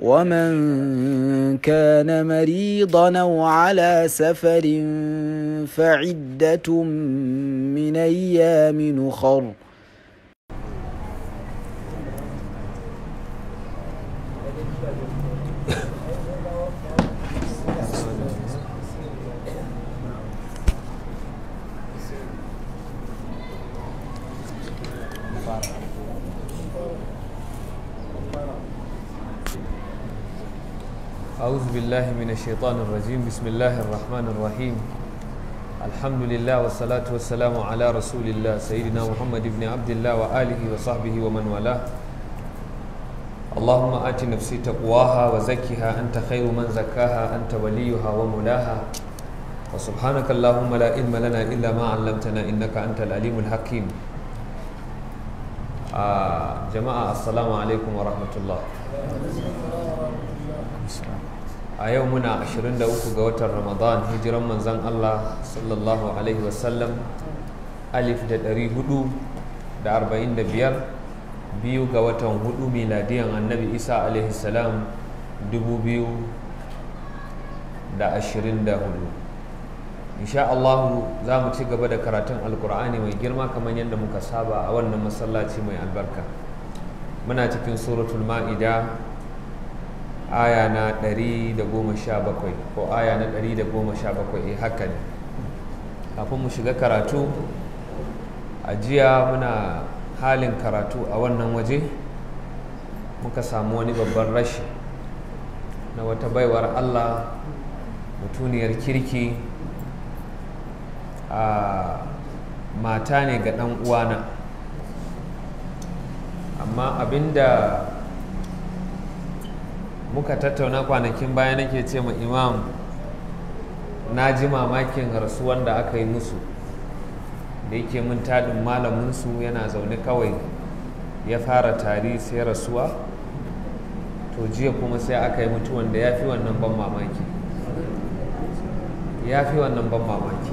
ومن كان مريضا او على سفر فعده من ايام اخر بالله من الشيطان الرجيم بسم الله الرحمن الرحيم الحمد لله والصلاة والسلام على رسول الله سيدنا محمد بن عبد الله وآله وصحبه ومن والاه اللهم آت نفسي تقواها وزكها أنت خير من زكاها أنت وليها ومولاها وسبحانك اللهم لا علم لنا إلا ما علمتنا إنك أنت العليم الحكيم آه جماعة السلام عليكم ورحمة الله Islam. a yau muna 23 ga watan ramadan hijiran manzan allah sallallahu alaihi wasallam alif da 445 biyu ga watan hudu miladiyan annabi isa alaihi salam 2024 insha allahu za mu ci gaba da karatun alkur'ani mai girma kamar yadda muka saba a wannan masallaci mai albarka muna cikin suratul ma'ida aya na 117 ko aya na 117 eh haka ne kafin mu shiga karatu ajiya muna halin karatu a wannan waje muka samu wani babban rashi na wata baiwar allah mutuniyar kirki a ah, mata ne ga ɗan uwana amma abinda muka tattauna kwanakin baya nake ce ma imam na ji mamakin rasuwan da aka yi musu da yake mun taɗin malaminsu yana zaune kawai ya fara tari sai rasuwa to jiya kuma sai aka yi mutuwan da ya fi wannan ban mamaki ya fi wannan ban mamaki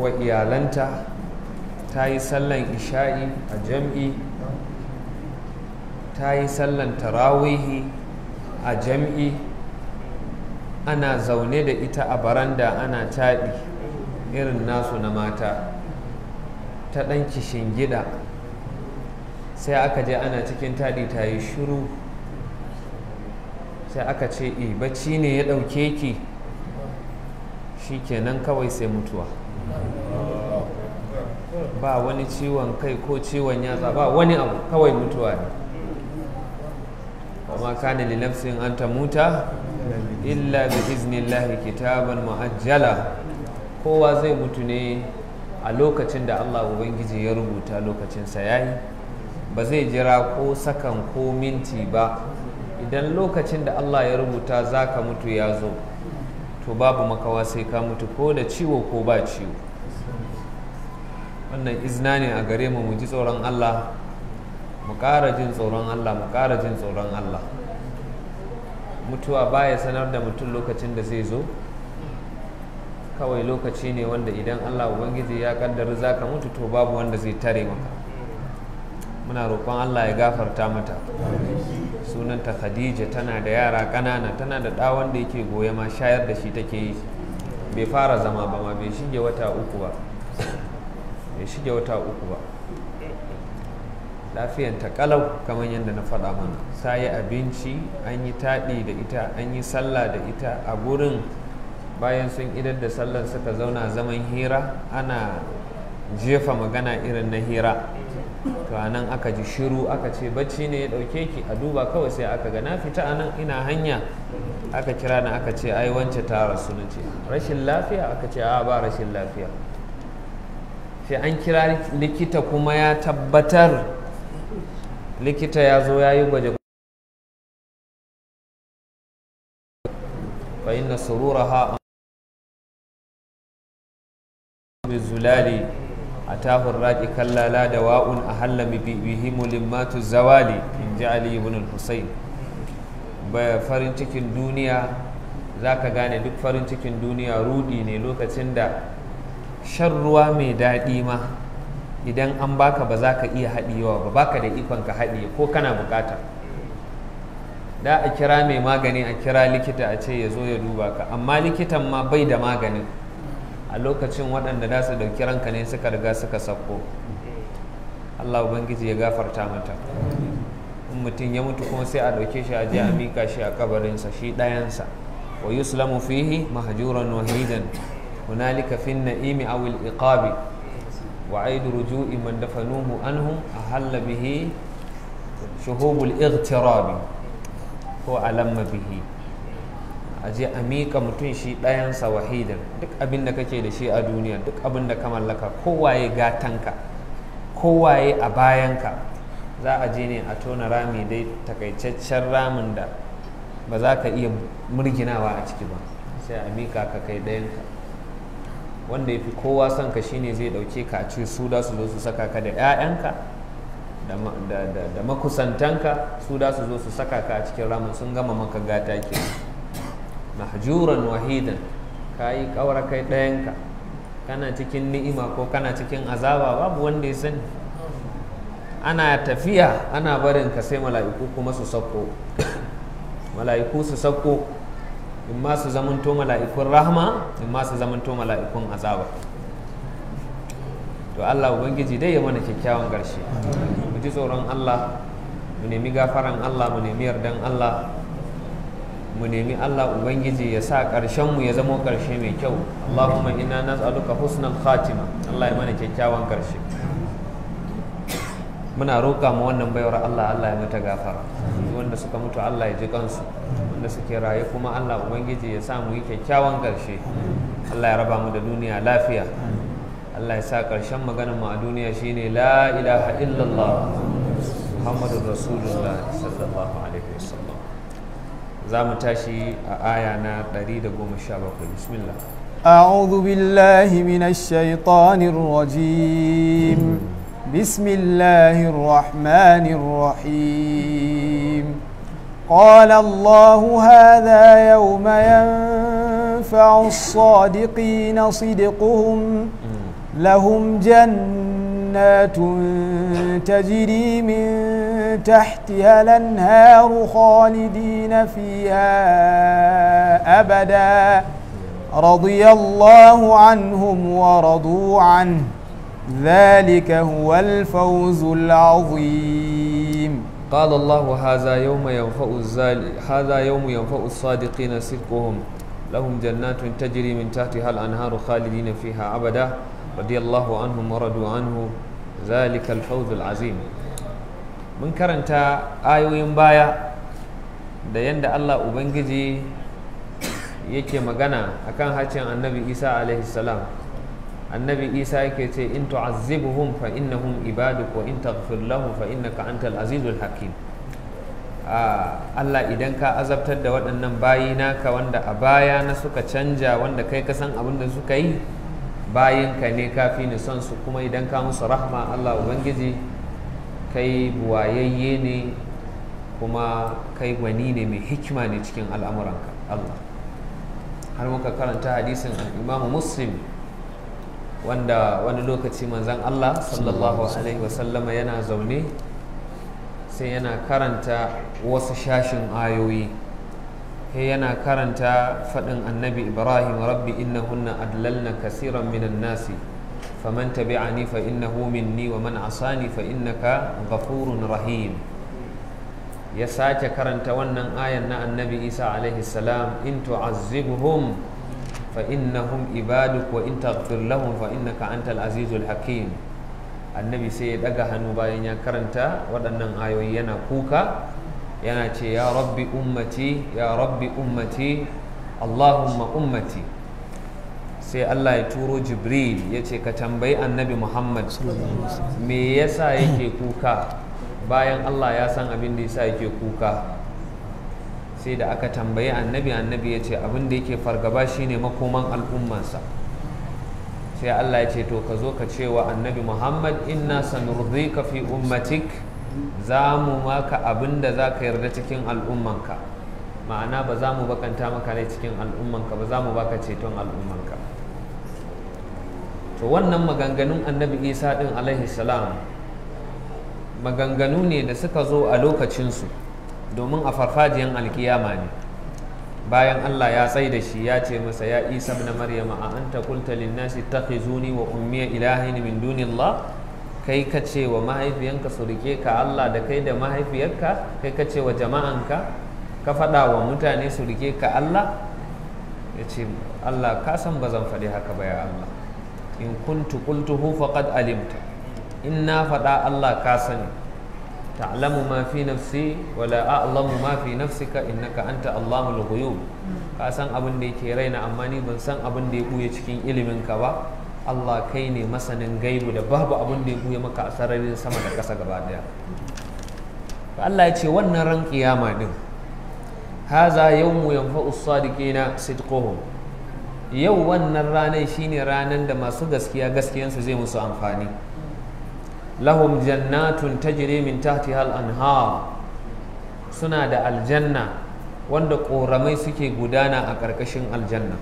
wa iyalanta ta yi sallan isha'i a jam'i ta yi sallan tarawihi a jam'i ana zaune da ita a baranda ana taɗi irin nasu na mata ta ɗan kishin gida sai aka je ana cikin taɗi ta yi shiru sai aka ce e bacci ne ya ɗauke ki shi kenan kawai sai mutuwa ba wani ciwon kai ko ciwon yatsa ba wani abu kawai mutuwa ne amma kana lilafsin an ta muta illa bi iznillahi kitaban muajjala kowa zai mutu ne a lokacin da Allah ubangiji ya rubuta lokacin sa yayi ba zai jira ko sakan ko minti ba idan lokacin da Allah ya rubuta zaka mutu ya zo to babu makawa sai ka mutu ko da ciwo ko ba ciwo wannan izina ne a gare mu mu ji tsoron Allah mu ƙara jin tsoron Allah mu ƙara jin tsoron Allah mutuwa baya sanar da mutum lokacin da zai zo kawai lokaci ne wanda idan Allah Ubangiji ya kaddara za ka mutu to babu wanda zai tare maka muna roƙon Allah ya gafarta mata sunanta Khadija tana da yara ƙanana tana da ɗa wanda yake goye ma shayar da shi take yi bai fara zama ba ma bai shige wata uku ba ya shige wata uku ba lafiyan ta kalau kamar yadda na faɗa mana ta yi abinci an yi taɗi da ita an yi sallah da ita a gurin bayan sun idar da sallar suka zauna zaman hira ana jefa magana irin na hira to a nan aka ji shiru aka ce bacci ne ya ɗauke ki a duba kawai sai aka ga na fita a nan ina hanya aka kira na aka ce ai wance ta rasu na ce rashin lafiya aka ce a ba rashin lafiya sai an kira likita kuma ya tabbatar likita ya zo ya yi gwaje fa inna sururaha mai zulali atahu raqi kallala da wa'un ahalla bi bihimu limatu zawali in ji ali ibn husayn baya farin cikin duniya ka gane duk farin cikin duniya rudi ne lokacin da shan ruwa mai daɗi ma idan an baka ba za ka iya haɗewa ba baka da ikon ka haɗe ko kana bukata da a kira mai magani a kira likita a ce ya zo ya duba ka amma likitan ma bai da magani a lokacin waɗanda za su ɗauki ranka ne suka riga suka sako allah ubangiji ya gafarta mata in mutum ya mutu kuma sai a ɗauke shi a ji shi a kabarinsa shi ɗayansa wa yuslamu fihi mahjuran wahidan هنالك في النئيم أو الإقاب وعيد رجوع من دفنوه عنهم أهل به شهوب الاغتراب ko alamma bihi a je a miƙa mutum shi ɗayansa wahidan duk abin da kake da shi a duniya duk abin da ka mallaka kowaye gatanka kowaye a bayanka za a je ne a tona rami dai takaicaccen ramin da ba za ka iya murginawa a ciki ba sai a miƙa ka kai ɗayanka wanda ya fi kowa son ka shine zai dauke ka a ce su da su zo su saka ka da 'ya'yanka da makusantanka su da su zo su saka ka a cikin ramin sun gama maka gata ke mahjuran wahidan ka yi kawar kai ɗayanka kana cikin ni'ima ko kana cikin azaba babu wanda ya sani ana tafiya ana barin ka sai mala'iku kuma su sauko mala'iku su sauko in ma su zamanto mala'ikun rahama in ma su zamanto mala'ikun azaba to Allah ubangiji dai ya mana kyakkyawan ƙarshe mu ji tsoron Allah mu nemi gafaran Allah mu nemi yardan Allah mu nemi Allah ubangiji ya sa ƙarshen mu ya zamo ƙarshe mai kyau Allahumma inna nas'aluka husnal khatima Allah ya mana kyakkyawan ƙarshe muna roƙa mu wannan baiwar Allah Allah ya mata gafara wanda suka mutu Allah ya ji kansu wanda suke raye kuma Allah ubangiji ya sa mu yi kyakkyawan ƙarshe Allah ya raba mu da duniya lafiya Allah ya sa ƙarshen maganar mu a duniya shine la ilaha illallah Muhammadu Rasulullah sallallahu alaihi wasallam za mu tashi a aya na 117 bismillah أعوذ بالله من الشيطان الرجيم بسم الله الرحمن الرحيم قال الله هذا يوم ينفع الصادقين صدقهم لهم جنات تجري من تحتها الانهار خالدين فيها ابدا رضي الله عنهم ورضوا عنه ذلك هو الفوز العظيم قال الله هذا يوم ينفع الزال هذا يوم ينفع الصادقين صدقهم لهم جنات تجري من تحتها الأنهار خالدين فيها أبدا رضي الله عنهم ورضوا عنه ذلك الفوز العظيم من كرنتا آيوين بايا da yanda Allah Ubangiji yake magana akan hacin annabi Isa alaihi salam annabi isa yake ce in tu'azzibuhum fa innahum ibaduk wa in taghfir lahum fa innaka antal azizul hakim Allah idan ka azabtar da waɗannan bayi naka wanda a baya na suka canja wanda kai ka san abin da suka yi bayinka ne kafi ni son su kuma idan ka musu rahma Allah ubangiji kai buwayayye ne kuma kai gwani ne mai hikima ne cikin al'amuranka Allah har muka karanta hadisin al'imamu muslim wanda wani lokaci manzan Allah sallallahu alaihi wasallama yana zaune sai yana karanta wasu shashin ayoyi sai yana karanta faɗin annabi ibrahim rabbi innahunna adlalna kasiran minan nasi faman tabi'ani fa innahu minni wa man asani fa innaka ghafurun rahim ya sake karanta wannan ayan na annabi isa alaihi salam in فإنهم عبادك وإن تغفر لهم فإنك أنت العزيز annabi sai ya daga hannu bayan ya karanta waɗannan ayoyi yana kuka yana ce ya rabbi ummati ya rabbi ummati allahumma ummati sai Allah ya turo jibril ya ce ka tambayi annabi muhammad me yasa yake kuka bayan Allah ya san abin da yasa yake kuka sai da aka tambayi annabi annabi ya ce abin da yake fargaba shine makoman al'ummansa sai Allah ya ce to ka zo ka cewa annabi Muhammad inna ka fi ummatik za mu maka abin za ka yarda cikin al'ummanka ma'ana ba za mu bakanta maka ne cikin al'ummanka ba za mu baka ceton al'ummanka to wannan maganganun annabi isa din alaihi salam maganganu ne da suka zo a lokacinsu domin a farfajiyan alkiyama ne bayan Allah ya tsai da shi ya ce masa ya isa na maryama a anta qulta lin nasi takhizuni wa ummiya ilahin min dunillah kai ka ce wa mahaifiyanka su rike ka Allah da kai da mahaifiyarka kai ka ce wa jama'anka ka faɗa wa mutane su rike ka Allah ya ce Allah ka san ba zan faɗi haka ba ya Allah in kuntu qultuhu faqad alimta in na faɗa Allah ka sani ta'lamu ma fi nafsi la a'lamu ma fi nafsika innaka anta allahul ghuyub ka san abin da yake raina amma ni ban san abin da ya buya cikin ilimin ka ba Allah kai ne masanin gaibu da babu abin da ya buya maka a sararin sama da ƙasa gaba daya Allah ya ce wannan ran kiyama din haza yawmu yanfa'u sadiqina sidquhum yau wannan ranar shine ranar da masu gaskiya gaskiyansu zai musu amfani lahum jannatun tajri min tahtiha al-anhar suna da aljanna wanda ƙoramai suke gudana a ƙarƙashin aljanna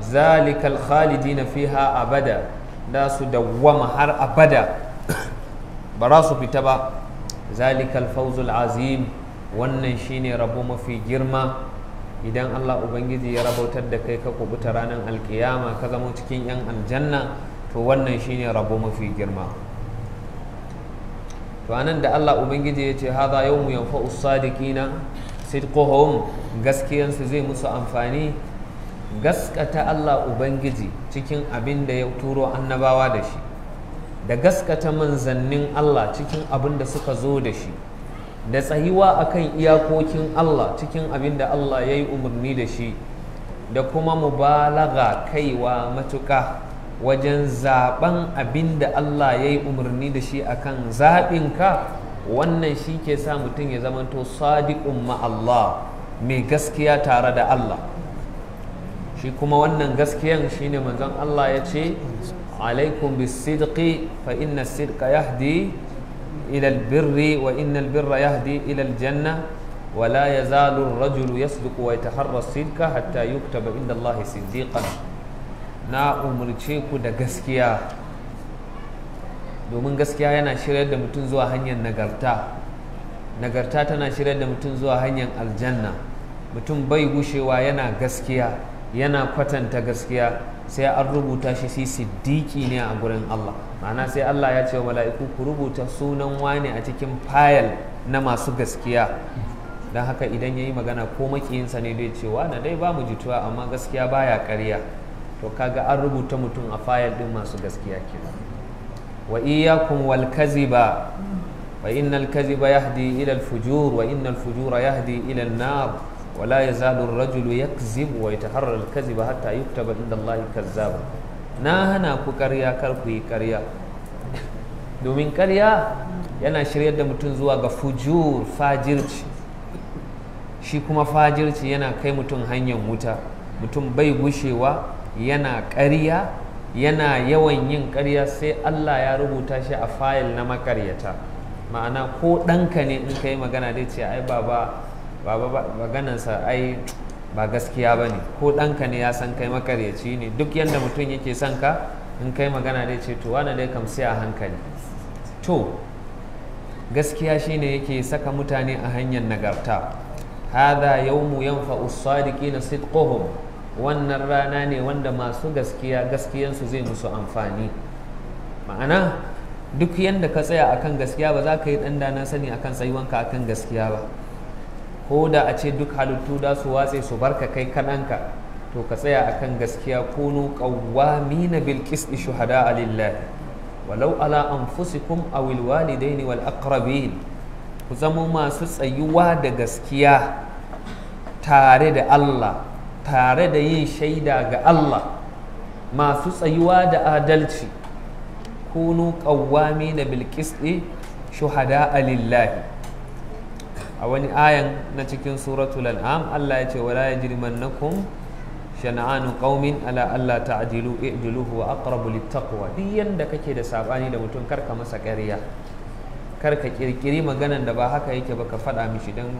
zalikal khalidina fiha abada da su dawwama har abada ba za su fita ba zalikal fawzul azim wannan shine rabo mafi girma idan Allah Ubangiji ya rabautar da kai ka kubuta ranar alkiyama ka zama cikin 'yan aljanna to wannan shine rabo mafi girma to anan da Allah ubangiji ya ce hadha yawmu yanfa'u sadiqina sidquhum gaskiyansu zai musu amfani gaskata Allah ubangiji cikin abin da ya turo annabawa da shi da gaskata manzannin Allah cikin abin da suka zo da shi da tsayuwa akan iyakokin Allah cikin abin da Allah ya yi umarni da shi da kuma mubalaga kaiwa matuƙa wajen zaben abin da Allah ya yi umarni da shi akan zaɓinka wannan shi ke sa mutum ya zamanto sadiqun ma Allah mai gaskiya tare da Allah shi kuma wannan gaskiyan shine manzon Allah ya ce alaikum bisidqi fa inna sidqa yahdi ila albirri wa inna albirra yahdi ila aljanna wa la yazalu ar-rajulu yasduqu wa yataharra sidqa hatta yuktaba inda Allah siddiqan na umarce ku da gaskiya domin gaskiya yana shiryar da mutum zuwa hanyar nagarta nagarta tana shiryar da mutum zuwa hanyar aljanna mutum bai gushewa yana gaskiya yana kwatanta gaskiya sai an rubuta shi si siddiki ne a gurin Allah ma'ana sai Allah ya ce wa mala'iku ku rubuta sunan wani a cikin fayal na masu gaskiya don haka idan ya yi magana ko makiyinsa ne dai cewa na dai ba mu jituwa amma gaskiya baya karya. to kaga an rubuta mutum a fayil din masu gaskiya ke. wa iyyakum wal kaziba fa innal kaziba yahdi ila al fujur wa innal fujura yahdi ila an nar wa la yazalu ar rajulu yakzibu wa yataharra al kaziba hatta yuktaba inda Allah kazzaba na hana ku ƙarya kar ku yi ƙarya domin ƙarya yana shiryar da mutum zuwa ga fujur fajirci shi kuma fajirci yana kai mutum hanyar wuta mutum bai gushewa yana ƙarya yana yawan yin ƙarya sai Allah ya rubuta shi a fayil na makaryata ma'ana ko ɗanka ne in ka yi magana dai ce ai baba baba maganansa ai ba gaskiya ba ne ko ɗanka ne ya san kai makaryaci ne duk yadda mutum yake son ka in kai magana dai ce to wani dai kam sai a hankali to gaskiya shi ne yake saka mutane a hanyar nagarta yau mu yanfa usadiki na sitkohun wannan rana ne wanda masu gaskiya gaskiyansu zai musu amfani ma'ana duk yadda ka tsaya akan gaskiya ba za ka yi ɗanɗana dana sani akan tsayuwanka akan gaskiya ba ko da a ce duk halittu da su watse su barka kai kaɗanka to ka tsaya akan gaskiya kunu qawwamina bil qisti shuhada alillah walau ala anfusikum awil walidaini wal aqrabin ku zama masu tsayuwa da gaskiya tare da Allah tare da yin shaida ga Allah masu tsayuwa da adalci kunu ƙawwami na bilkisɗe shuhada a lillahi a wani ayan na cikin suratul an'am Allah ya ce wala kun shana'anu qaumin ala alla ta'dilu i'diluhu a aqrabu littaqwa duk yadda kake da saɓani da mutum karka masa ƙarya karka ƙirƙiri maganan da ba haka yake ba ka faɗa mishi dan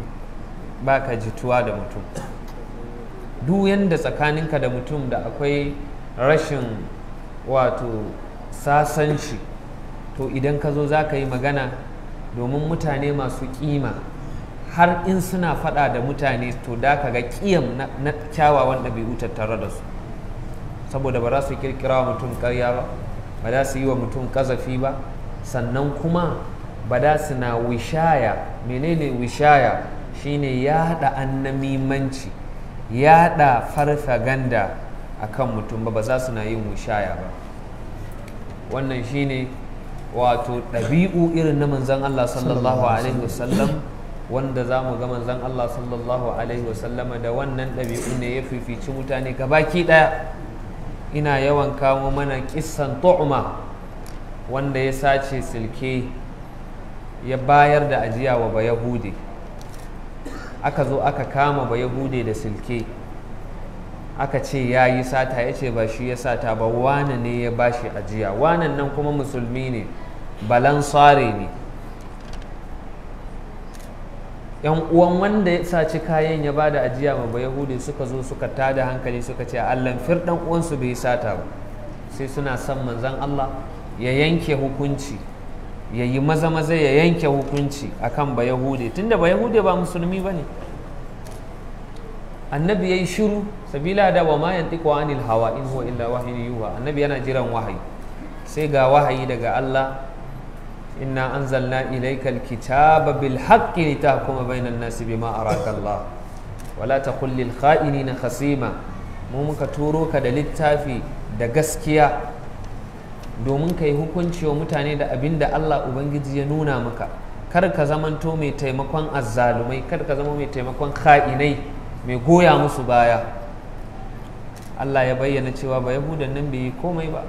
baka jituwa da mutum duk yanda tsakaninka da mutum da akwai rashin wato sasanci to idan ka zo za ka yi magana domin mutane masu kima har in suna fada da mutane to da ka ga kiyam na, kyawawan ɗabi'u tare da su saboda ba za su kirkira wa mutum karya ba ba za su yi wa mutum kazafi ba sannan kuma ba za su na wishaya menene wishaya shine ya haɗa annamimanci yada farfaganda a kan mutum ba ba za su na yin mushaya ba wannan shine wato ɗabi'u irin na manzan Allah sallallahu alaihi wasallam wanda za mu ga manzan Allah sallallahu alaihi wasallama da wannan ɗabi'u ne ya fifici mutane baki ɗaya ina yawan kamo mana kissan tu'uma wanda ya sace silke ya bayar da ajiya wa ba yahudi aka zo aka kama ba yahude da silke aka ce ya yi sata ya ce ba shi ya sata ba wane ne ya ba shi ajiya wanan nan kuma musulmi ne balansare ne yan uwan wanda ya saci kayan ya ba da ajiya ma ba yahudi suka zo suka da hankali suka ce allan fir dan uwansu bai sata ba sai suna son manzon Allah ya yanke hukunci ya yi maza maza ya yanke hukunci akan ba yahude tunda ba yahude ba musulmi ba ne annabi ya yi shiru sabila da wa ma yantiqu anil hawa in huwa illa wahyin yuha annabi yana jiran wahayi sai ga wahayi daga Allah inna anzalna ilayka alkitaba bil haqqi litahkuma bainan nasi bima araka Allah wala taqul lil kha'inina khasima mu muka turo ka da littafi da gaskiya domin ka yi hukunci wa mutane da abin da Allah Ubangiji ya nuna maka kar ka zamanto mai taimakon azzalumai kar ka zama mai taimakon ka'inai mai goya musu baya Allah ya bayyana cewa ba yahudan nan bai yi komai ba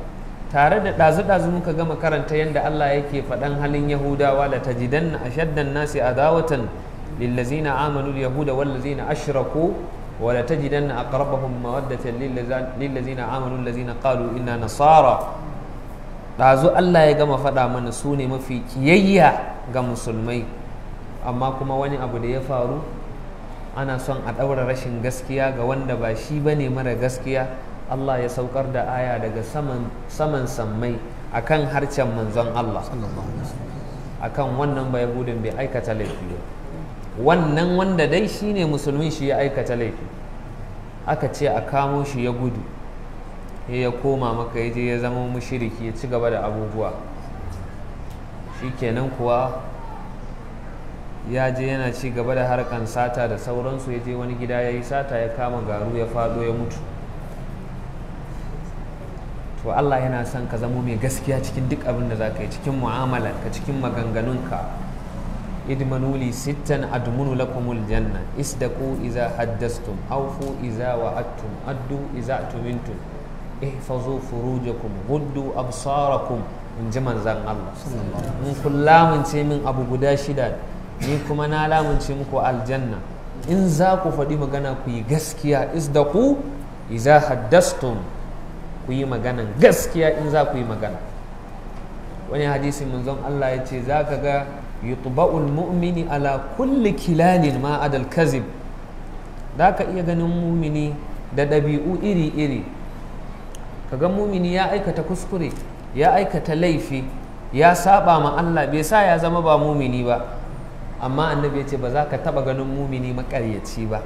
tare da ɗazu muka gama karanta yadda Allah yake faɗan halin Yahudawa la tajidanna ashaddan nasi adawatan lillazina amanu yahuda wallazina ashraku wa la tajidanna aqrabahum mawaddatan lillazina amanu allazina qalu inna nasara ɗazu Allah ya gama faɗa mana su ne mafi kiyayya ga musulmai amma kuma wani abu da ya faru ana son a ɗaura rashin gaskiya ga wanda ba shi ba ne mara gaskiya Allah ya saukar da aya daga saman sammai a kan harcen manzon Allah a kan wannan bai yahudin bai aikata laifi wannan wanda dai shi ne musulmin shi ya aikata laifi aka ce a kamo shi ya gudu ya koma maka ya je ya zama mushiriki ya ci gaba da abubuwa shikenan kuwa ya je yana ci gaba da harkan sata da sauransu ya je wani gida ya yi sata ya kama garu ya fado ya mutu to Allah yana son ka zama mai gaskiya cikin duk abin da za ka yi cikin mu'amala ka cikin maganganunka idmanuli sittan admunu lakumul janna isdaku iza haddastum awfu iza wa'attum addu iza tumintum ihfazu furujakum huddu absarakum in ji manzan Allah in kun lamunce min abu guda shida ni kuma na lamunce muku aljanna in za ku faɗi magana ku yi gaskiya isdaqu iza haddastum ku yi magana gaskiya in za ku yi magana wani hadisi manzon Allah ya ce za ka ga yutba'ul mu'mini ala kulli kilalin ma adal kazib da ka iya ganin mumini da ɗabi'u iri-iri kaga mumini ya aikata kuskure ya aikata laifi ya saba ma Allah bai sa ya zama ba mumini ba amma annabi ya ce ba za ka taba ganin mumini makaryaci ba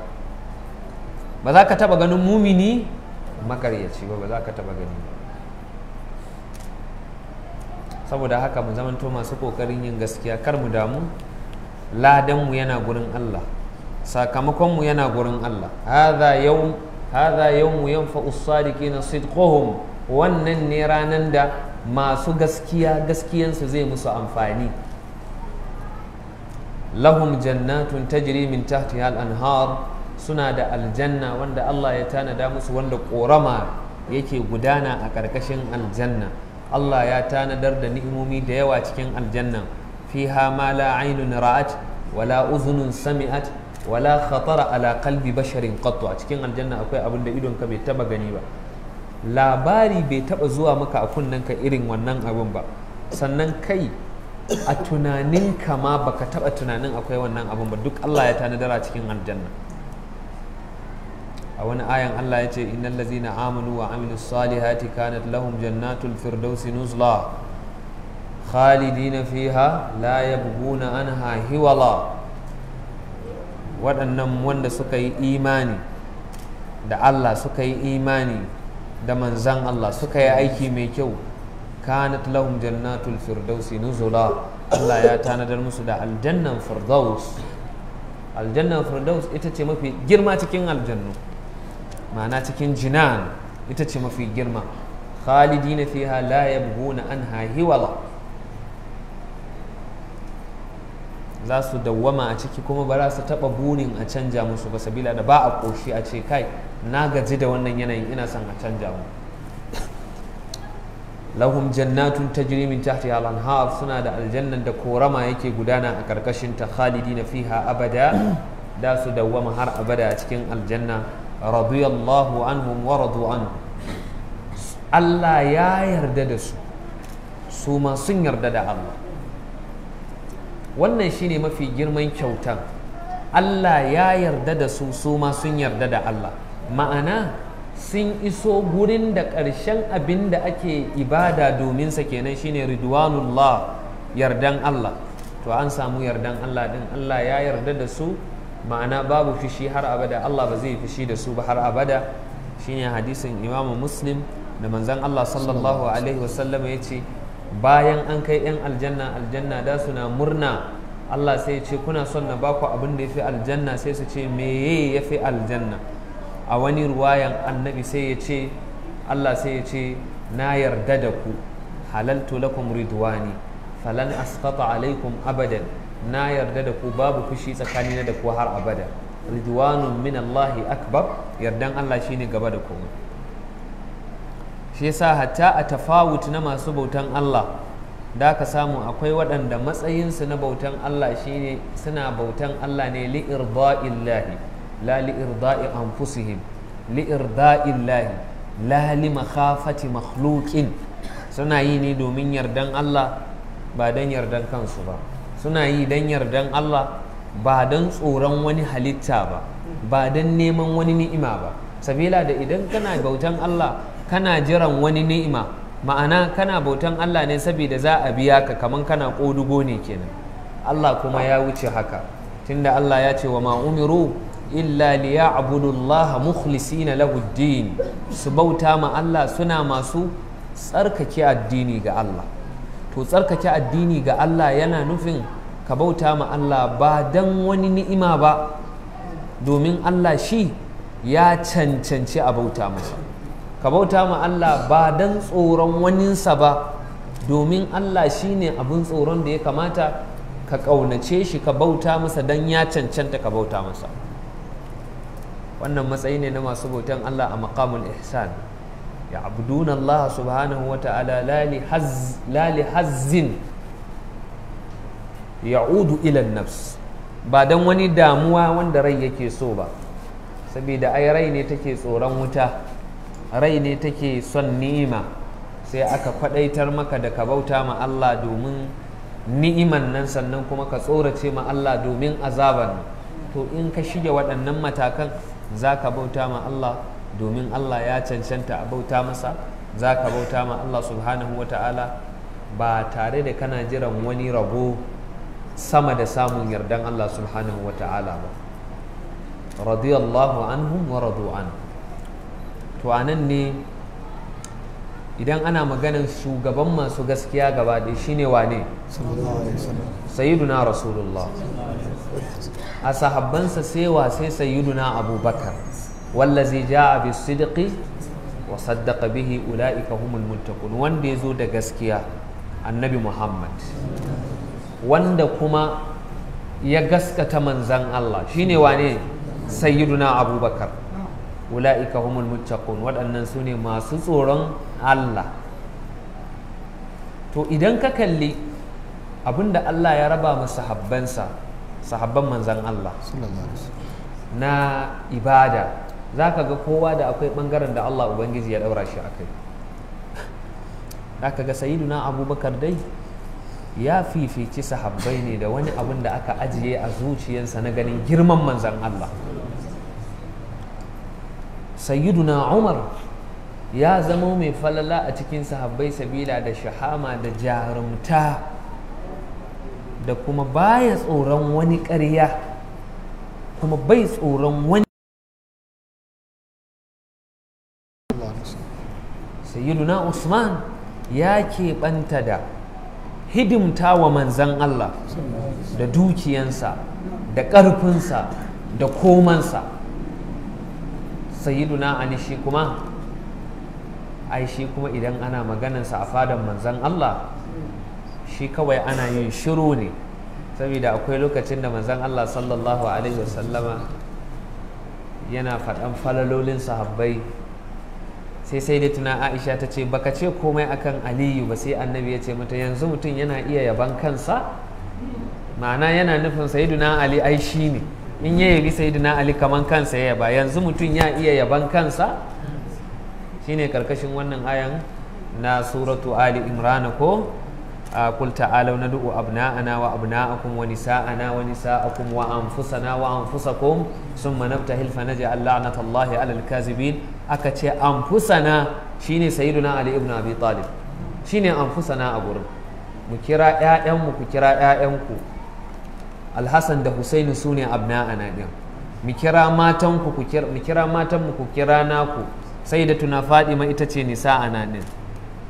ba za ka taba ganin mumini makaryaci ba ba za ka taba gani ba saboda haka mu to masu kokarin yin gaskiya kar mu damu ladanmu yana gurin Allah sakamakonmu yana gurin Allah hadha yawm hadha yawmu yanfa'u as-sadiqina sidquhum wannan ne ranan da masu gaskiya gaskiyansu zai musu amfani lahum jannatun tajri min tahtiha al-anhar suna da aljanna wanda Allah ya tanada musu wanda korama yake gudana a ƙarƙashin aljanna Allah ya tanadar da ni'imomi da yawa cikin aljanna fiha ma la aynun ra'at wala uzunun sami'at wala khatara ala qalbi basharin qattu a cikin aljanna akwai abin da idonka bai taba gani ba labari bai taba zuwa maka a kunnen irin wannan abin ba sannan kai a tunanin ka ma baka taba tunanin akwai wannan abin ba duk Allah ya a cikin aljanna a wani ayan Allah ya ce innal lazina amanu wa aminu salihati kanat lahum jannatul firdausi nuzla khalidina fiha la yabghuna anha hiwala waɗannan wanda suka yi imani da Allah suka yi imani da manzan Allah suka yi aiki mai kyau kanat lahum jannatul firdausi nuzula Allah ya tanadar musu da aljannan firdaus aljannan firdaus ita ce mafi girma cikin aljannu ma'ana cikin jinan ita ce mafi girma khalidina fiha la yabghuna anha hiwala za su dawwama a ciki kuma ba za su taɓa burin a canja musu ba sabila da ba a ƙoshi a ce kai na gaji da wannan yanayin ina son a canja mu lahum jannatun ta min tahti al-anhar suna da aljannan da korama yake gudana a karkashin ta khalidina fiha abada da su dawwama har abada a cikin aljanna radiyallahu anhum wa radu an, Allah ya yarda da su su ma sun yarda da Allah wannan shine mafi girman kyautan Allah ya yarda da su su ma sun yarda da Allah ma'ana sun iso gurin da ƙarshen abin da ake ibada domin sa kenan shine ridwanullah yardan Allah to an samu yardan Allah din Allah ya yarda da su ma'ana babu fishi har abada Allah ba zai fishi da su ba har abada shine hadisin imamu Muslim da manzon Allah sallallahu alaihi wasallam ya ce bayan an kai 'yan aljanna aljanna da suna murna Allah sai ce kuna son na baku abin da ya fi aljanna sai su ce meye ya fi aljanna a wani ruwayan annabi sai ya ce Allah sai ya ce na yarda da ku halaltu lakum ridwani falan asqata alaikum abadan na yarda da ku babu fushi tsakanina da ku har abada ridwanun min Allahi akbar yardan Allah shine gaba da komai shi yasa hatta a tafawut na masu bautan Allah da ka samu akwai waɗanda matsayinsu na bautan Allah shine suna bautan Allah ne li'irda'illahi la li'irda'i anfusihim li'irda'illahi la li makhafati makhluqin suna yi ne domin yardan Allah ba don yardan kansu ba suna yi don yardan Allah ba don tsoron wani halitta ba ba don neman wani ni'ima ba sabila da idan kana bautan Allah kana jiran wani ni'ima ma'ana kana bautan Allah ne saboda za a biya ka kaman kana ƙodugo ne kenan Allah kuma ya wuce haka tunda Allah ya ce wa ma umiru illa liya'budullaha mukhlisina lahu din su bauta ma Allah suna masu tsarkake addini ga Allah to tsarkake addini ga Allah yana nufin ka bauta ma Allah ba dan wani ni'ima ba domin Allah shi ya cancanci a bauta masa ka bauta ma Allah ba dan tsoron waninsa ba domin Allah shine abin tsoron da ya kamata ka ƙaunace shi ka bauta masa dan ya cancanta ka bauta masa wannan matsayi ne na masu bautan Allah a maqamul ihsan ya abuduna Allah subhanahu wa ta'ala lali hazzin ya'udu ilan nafs ba dan wani damuwa wanda rai yake so ba saboda ai rai ne take tsoron wuta rai ne take son ni'ima sai aka kwadaitar maka da ka bauta ma Allah domin ni'iman nan sannan kuma ka tsorace ma Allah domin azaban to in ka shige waɗannan matakan za ka bauta ma Allah domin Allah ya cancanta a bauta masa za ka bauta ma Allah subhanahu wa ta'ala ba tare da kana jiran wani rabo sama da samun yardan Allah subhanahu wa ta'ala ba radiyallahu anhum wa radu anhu to a ne idan ana maganin shugaban masu gaskiya gaba da shi ne wane sayiduna rasulullah a sahabbansa sewa sai sayiduna abubakar wallazi ja'a bi sidqi wa saddaqa bihi ulaika humul muttaqun wanda ya zo da gaskiya annabi muhammad wanda kuma ya gaskata manzan allah shine wane sayiduna abubakar ula'ika humul muttaqun waɗannan sune masu tsoron Allah to idan ka kalli abinda Allah ya raba masa sahabbansa sahabban manzan Allah na ibada zaka ga kowa da akwai ɓangaren da Allah Ubangiji ya ɗaura shi akai zaka za ga sayyiduna abubakar dai ya fifici sahabbai ne da wani abin da aka ajiye a zuciyarsa na ganin girman manzan Allah sayyiduna umar ya zama mai falala a cikin sahabbai sabila da shahama da jarumta da kuma baya tsoron wani ƙarya kuma bai tsoron wani Sayiduna usman ya keɓanta da hidimta wa manzan Allah da dukiyansa da ƙarfinsa da komansa sayyiduna ali shi kuma ai shi kuma idan ana maganansa a fadan manzan Allah shi kawai ana yin shiru ne saboda akwai lokacin da manzan Allah sallallahu alaihi wasallama yana faɗan falalolin sahabbai sai sai dai tuna Aisha ta ce baka ce komai akan Aliyu ba sai annabi ya ce mata yanzu mutum yana iya yaban kansa ma'ana yana nufin sayyiduna Ali ai shi ne in ya yi sayidina ali kaman kansa ya yaba yanzu mutum ya iya yaban kansa Shi ne karkashin wannan ayan na suratu ali imran ko qul ta'alu nad'u abna'ana wa abna'akum wa na wa nisa'akum wa anfusana wa anfusakum na nabtahil fa naj'al la'natallahi 'alal kazibin aka ce anfusana shine sayyiduna ali ibn abi talib shine anfusana a gurin mu kira ƴaƴan ku kira 'ya'yanku. alhassan da husaini su ne abna ana mu kira matanku ku kira naku sai da tuna fadima ita ce nisa ana din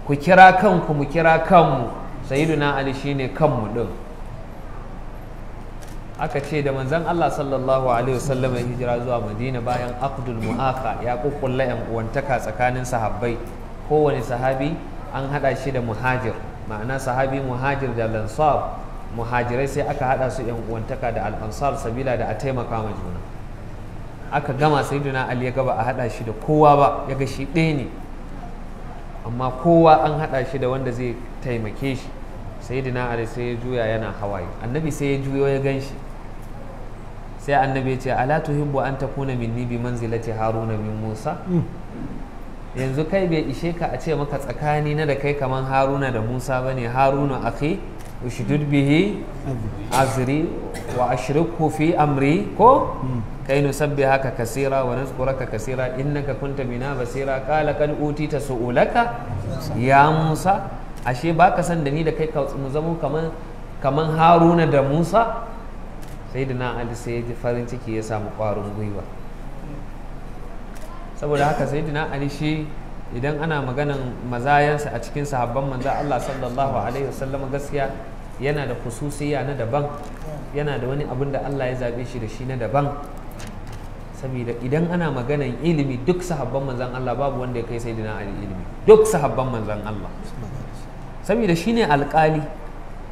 ku kira kanku mu kira kanmu na ali shine kanmu ɗin. aka ce da manzon Allah sallallahu alaihi wasallam hijira zuwa Madina bayan aqdul mu'aka ya kukkulla yan uwantaka tsakanin sahabbai kowane sahabi an hada shi da muhajir ma'ana sahabi muhajir da lansab muhajirai sai aka hada su yan uwantaka da al'ansar sabila da a taimaka ma juna aka gama duna ali ya gaba a hada shi da kowa ba ya ga shi ɗaya ne amma kowa an hada shi da wanda zai taimake shi duna ali sai ya juya yana hawaye annabi sai ya juyo ya gan shi sai annabi ya ce ala tuhibbu an takuna minni bi manzilati haruna min musa hmm. yanzu kai bai ishe ka a ce maka tsakani na da kai kaman haruna da musa bane haruna akhi ushdud bihi azri wa ashrikhu fi amri ko kai haka kasira wa nazkuraka kasira innaka kunta bina basira qala kad utita su'ulaka ya musa ashe baka san da ni da kai ka mu zamo kaman kaman haruna da musa sayyidina ali sai ji farin ciki ya samu kwarin gwiwa saboda haka sai na ali shi idan ana maganan mazayansa a cikin sahabban manzo Allah sallallahu alaihi wasallam gaskiya yana da khususiya na daban yana da wani abin da Allah ya zabe shi da shi na daban saboda idan ana maganan ilimi duk sahabban manzan Allah babu wanda ya kai dina Ali ilimi duk sahabban manzan Allah saboda shine alkali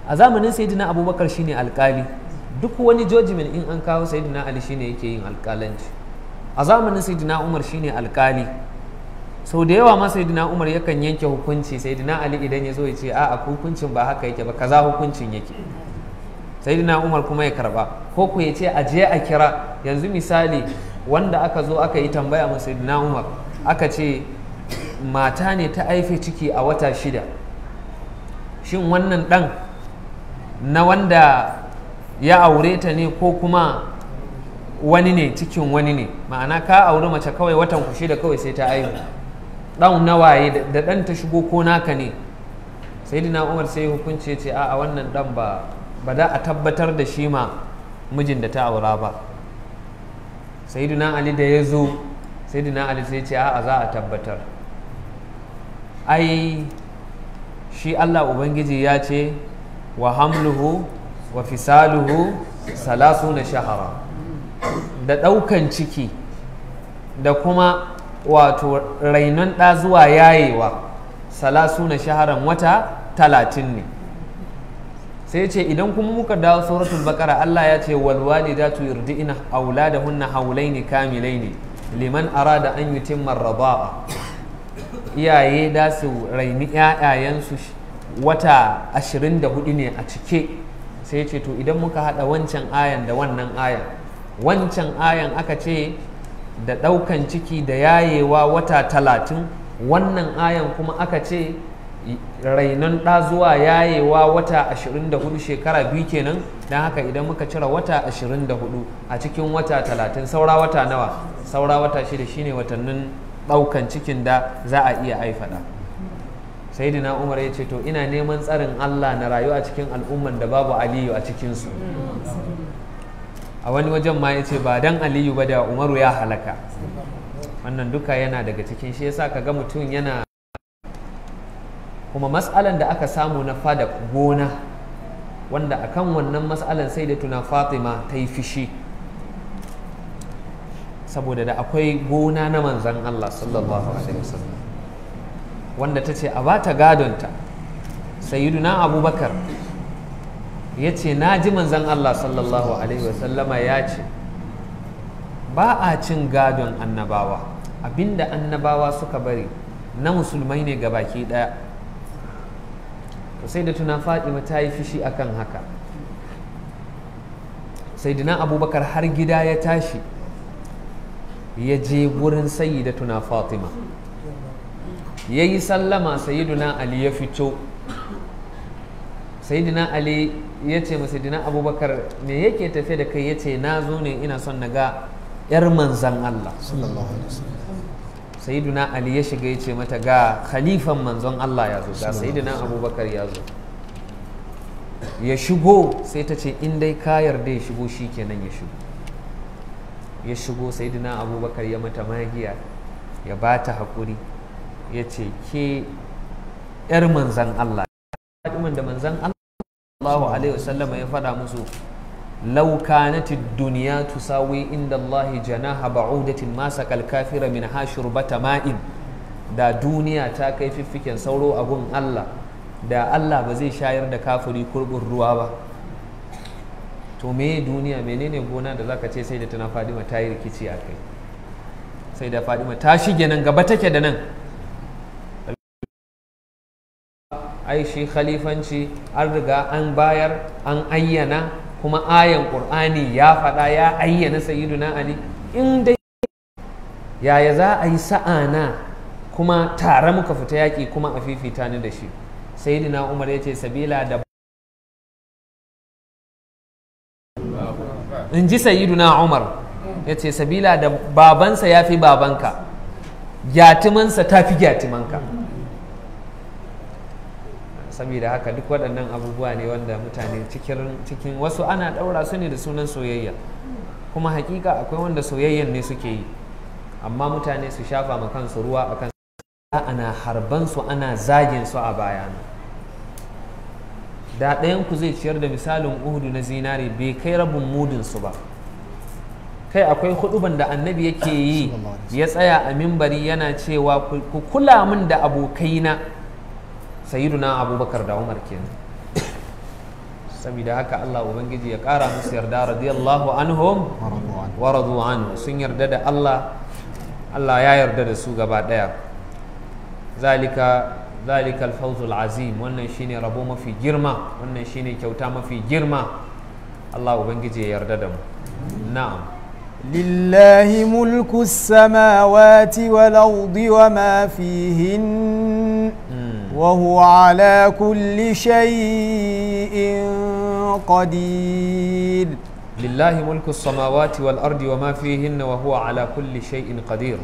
a zamanin sayyidina Abubakar shine alkali duk wani judgment in an kawo sayyidina Ali shine yake yin alkalanci a zamanin sayyidina Umar shine alkali sau da yawa ma sayyidina umar yakan yanke hukunci sayyidina ali idan ya zo ya ce a hukuncin ba haka yake ba kaza hukuncin yake sayyidina umar kuma ya karba ko ku ya ce a je a kira yanzu misali wanda aka zo aka yi tambaya ma sayyidina umar aka ce mata ne ta aife ciki a wata shida shin wannan dan na wanda ya aure ta ne ko kuma wani ne cikin wani ne ma'ana ka aure mace kawai watan ku shida kawai sai ta aihu ɗan nawaye da ɗan ta shigo ko naka ne sayyidina umar sai hukunci ya ce a wannan ɗan ba ba za a tabbatar da shi ma mijin da ta aura ba sayyidina ali da ya zo sayyidina ali sai ce a za a tabbatar ai shi allah ubangiji ya ce wa hamluhu wa fisaluhu salasu na shahara da ɗaukan ciki da kuma wato rainon ɗa zuwa yayewa salasu na shaharan wata talatin ne sai ce idan kuma muka dawo suratul bakara Allah ya ce tu da hunna haulai ni haulaini kamilaini liman arada an yutimma raba'a iyaye da su raini yayayensu wata 24 ne a cike sai ce to idan muka hada wancan ayan da wannan ayan wancan ayan aka ce da ɗaukan ciki da yayewa wata talatin wannan ayan kuma aka ce rainon ɗa zuwa yayewa wata 24 shekara biyu kenan don haka idan muka cire wata 24 a cikin wata talatin saura wata nawa saura wata shida shine watannin ɗaukan cikin da za a iya aifada saidina umar ya ce to ina neman tsarin allah na rayu a cikin al'umman da babu aliyu a cikinsu a wani wajen ma ya ce ba dan aliyu ba da umaru ya halaka wannan duka yana daga cikin shi yasa ga mutum yana kuma matsalan da aka samu na fada gona wanda akan wannan matsalan sai da tuna fatima ta yi fishi saboda da akwai gona na manzan Allah sallallahu alaihi wasallam wanda ta ce a ba ta gadonta sayyiduna abubakar ya ce na ji manzan Allah sallallahu Alaihi wasallama ya ce ba a cin gadon annabawa abinda annabawa suka bari na musulmai ne baki daya sai da tuna fatima ta yi fishi akan haka sai dina abubakar har gida ya tashi ya je wurin sayi da tuna fatima ya yi sallama sayiduna ali ya fito sayiduna ali ya ce masu dina abubakar me yake tafe da kai ya ce na zo ne ina son na ga yar manzan Allah sayiduna ali ya shiga ya ce mata ga khalifan manzon Allah ya zo ga sayiduna abubakar ya zo ya shigo sai ta ce in dai ka yarda ya shigo shi kenan ya shigo ya shigo sayiduna abubakar ya mata magiya ya ba ta haƙuri ya ce ke 'yar manzan Allah da manzan Allah sallallahu alaihi wasallam ya faɗa musu law kanatid dunya tusawi inda Allah janaha ba'udatin ma sakal kafira min hashurbata ma'in da duniya ta kai fiffiken sauro a gun Allah da Allah ba zai shayar da kafiri kurbin ruwa ba to me duniya menene gona da zaka ce sai da tana Fadima ta yi rikici a kai sai da Fadima ta shige nan gaba take da nan ai shi khalifanci an riga an bayar an ayyana kuma ayan ƙur'ani ya faɗa ya ayyana sayyiduna ali in dai yaya za a yi sa'ana kuma tare muka fita yaƙi kuma a fifita ni da shi sayyiduna umar ya ce sabila da in ji sayyiduna umar ya ce sabila da babansa ya fi babanka gyatimansa ta fi gyatimanka saboda haka duk waɗannan abubuwa ne wanda mutane cikin wasu ana ɗaura su ne da sunan soyayya kuma hakika akwai wanda soyayyan ne suke yi amma mutane su shafa ma kansu ruwa a akan ana harban su ana zagin su a bayana da ɗayan ku zai ciyar da misalin uhudu na zinari bai kai rabin mudin su ba kai akwai hudu da annabi yake yi ya tsaya a mimbari yana cewa ku kula min da abokaina Sayiduna abubakar da umar kenan saboda haka Allah ubangiji ya kara musu yarda radiyallahu anhum wa radu anhu sun yarda da Allah Allah ya yarda da su gaba daya zalika zalika alfawzul azim wannan shine rabo mafi girma wannan shine kyauta mafi girma Allah ubangiji ya yarda da mu na'am لله ملك السماوات والأرض وما فيهن وهو على كل شيء قدير لله ملك السماوات والأرض وما فيهن وهو على كل شيء قدير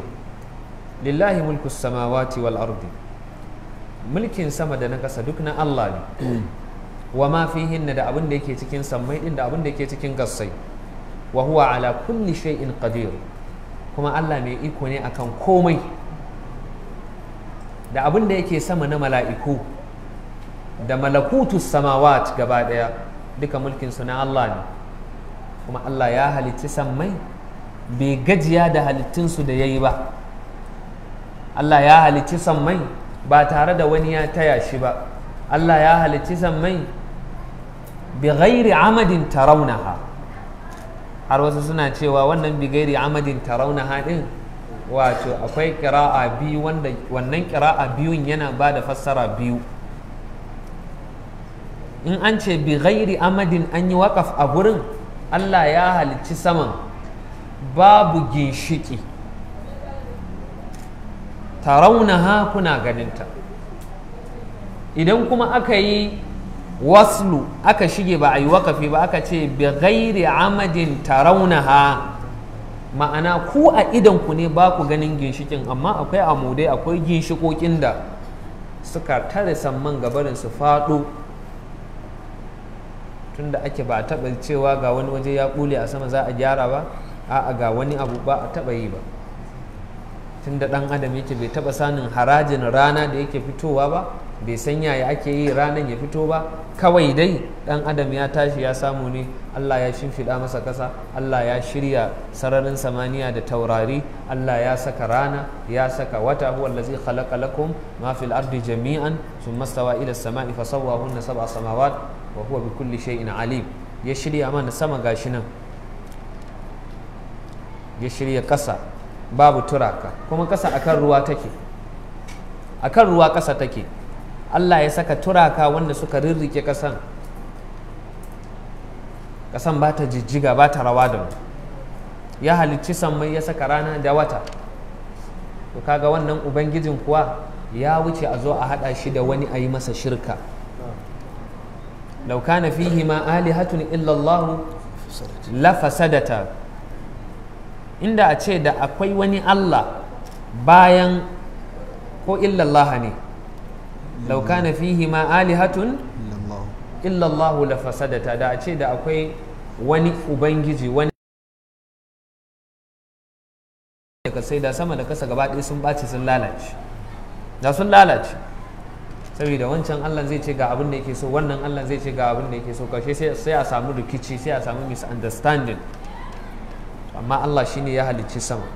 لله ملك السماوات والأرض ملكين سما da na kasa duk na Allah ne wa ma fihinna da abin da yake cikin sammai din da abin da yake cikin gassai wa huwa ala qadir kuma Allah mai iko ne akan komai da abin da yake sama na mala'iku da malakutus samawat gaba ɗaya duka mulkinsu na Allah ne kuma Allah ya halitti sammai bai gajiya da halittinsu da ya yi ba Allah ya halitti sammai ba tare da wani ya taya shi ba Allah ya halitti sammai bi gairi amadin tarawunaha har wasu suna cewa wannan bi gairi amadin taraunaha din wato akwai kira'a biyu wanda wannan kira'a biyun yana ba da fassara biyu in an ce bi ghairi amadin an yi waƙaf a gurin Allah ya halicci saman babu ginshiki ha kuna ganinta idan kuma aka yi waslu aka shige ba a yi waƙafi ba aka ce bi ghairi amadin ha ma'ana ku a idanku ne ba ku ganin ginshikin amma akwai amudai akwai ginshikokin da suka tare samman gabarin su faɗo tunda ake ba a taɓa cewa ga wani waje ya ɓule a sama za a gyara ba a'a ga wani abu ba a taɓa yi ba tunda ɗan adam yake bai taɓa sanin harajin rana da yake fitowa ba bai san yaya ake yi ranar ya fito ba kawai dai dan adam ya tashi ya samu ne Allah ya shimfiɗa masa ƙasa Allah ya shirya sararin samaniya da taurari Allah ya saka rana ya saka wata huwa lazi khalaqa lakum ma fil ardi jami'an sun mastawa ila as-sama'i fasawwahunna sab'a samawat wa huwa bi kulli shay'in alim ya shirya mana sama gashi nan ya shirya ƙasa babu turaka kuma ƙasa akan ruwa take akan ruwa ƙasa take Allah ya saka turaka wanda suka rirrike kasan kasan ba ta jijjiga ba ta rawa da mu ya halicci sammai ya saka rana da wata to kaga wannan ubangijin kuwa ya wuce a zo a haɗa shi da wani a yi masa shirka لو كان فيهما آلهة إلا الله lafasadata inda a ce da akwai wani Allah bayan ko illallaha ne law kana fihi ma alihatun illa Allah la fasadata da a ce da akwai wani ubangiji wani daga sai da sama da kasa gaba ɗaya sun sun lalace da sun lalace saboda wancan Allah zai ce ga abin da yake so wannan Allah zai ce ga abin da yake so kashe sai a samu rikici sai a samu misunderstanding amma Allah shine ya halicci sama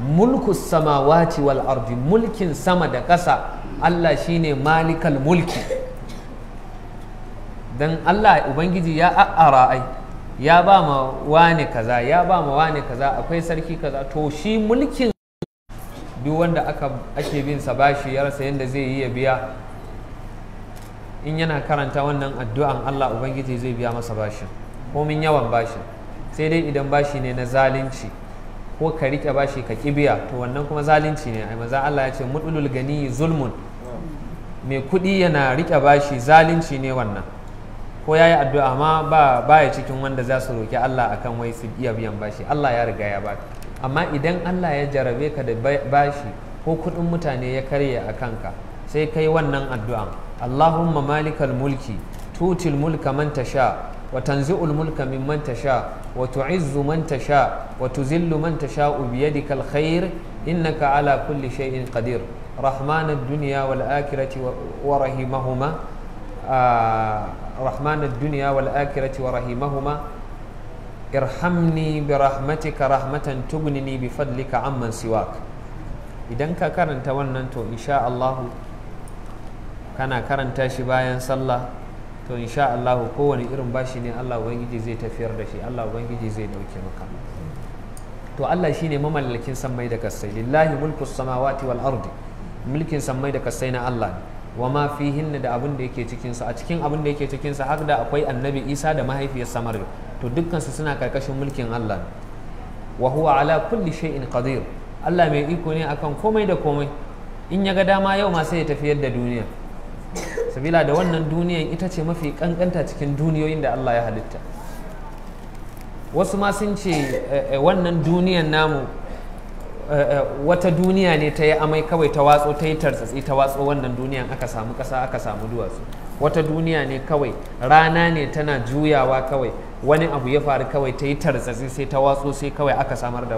mulku samawati wal ardi mulkin sama da ƙasa Allah shi ne malikal mulki don Allah ubangiji ya a'ara ai ya ba ma wane kaza ya ba ma wane kaza akwai sarki kaza to shi mulkin duk wanda aka ake bin sa bashi ya rasa yadda zai yi ya biya in yana karanta wannan addu'an Allah ubangiji zai biya masa bashin komin yawan bashin sai dai idan bashi ne na zalunci ko ka rike bashi ka kibiya to wannan kuma zalunci ne ai maza Allah ya ce mudulul gani zulmun mai kuɗi yana rike bashi zalunci ne wannan ko ya yi addu'a ma ba baya cikin wanda za su roki Allah akan wai su iya biyan bashi Allah ya riga ya baka amma idan Allah ya jarabe ka da bashi ko kuɗin mutane ya karye a kanka sai kai wannan addu'a Allahumma malikal mulki tutil mulka man tasha وتنزع الملك ممن تشاء وتعز من تشاء وتذل من تشاء بيدك الخير إنك على كل شيء قدير رحمن الدنيا والآخرة ورحمهما آه رحمن الدنيا والآخرة ورحمهما irhamni bi rahmatika rahmatan tughnini bi fadlika amman siwak idan ka karanta wannan to insha Allah kana karanta shi bayan sallah to insha Allah kowane irin bashi ne Allah ubangiji zai tafiyar da shi Allah ubangiji zai dauke maka to Allah shine mamallakin sammai da kasai lillahi mulku samawati wal ardi mulkin sammai da kasai na Allah wa ma fihin da abin da yake cikin sa a cikin abin da yake cikin sa har da akwai annabi Isa da mahaifiyar Samar to dukkan su suna karkashin mulkin Allah wa huwa ala kulli shay'in qadir Allah mai iko ne akan komai da komai in ya ga dama yau ma sai ya tafiyar da duniya sabila da wannan duniyan ita ce mafi kankanta cikin duniyoyin da Allah ya halitta wasu ma sun ce eh, eh, wannan duniyan namu eh, wata duniya ne ta yi amai kawai ta watso ta yi tartsatsi ta watso wannan duniyan aka samu kasa aka samu duwatsu wata duniya ne kawai rana ne tana juyawa kawai wani abu ya faru kawai ta yi tartsatsi sai ta watso sai kawai aka samar da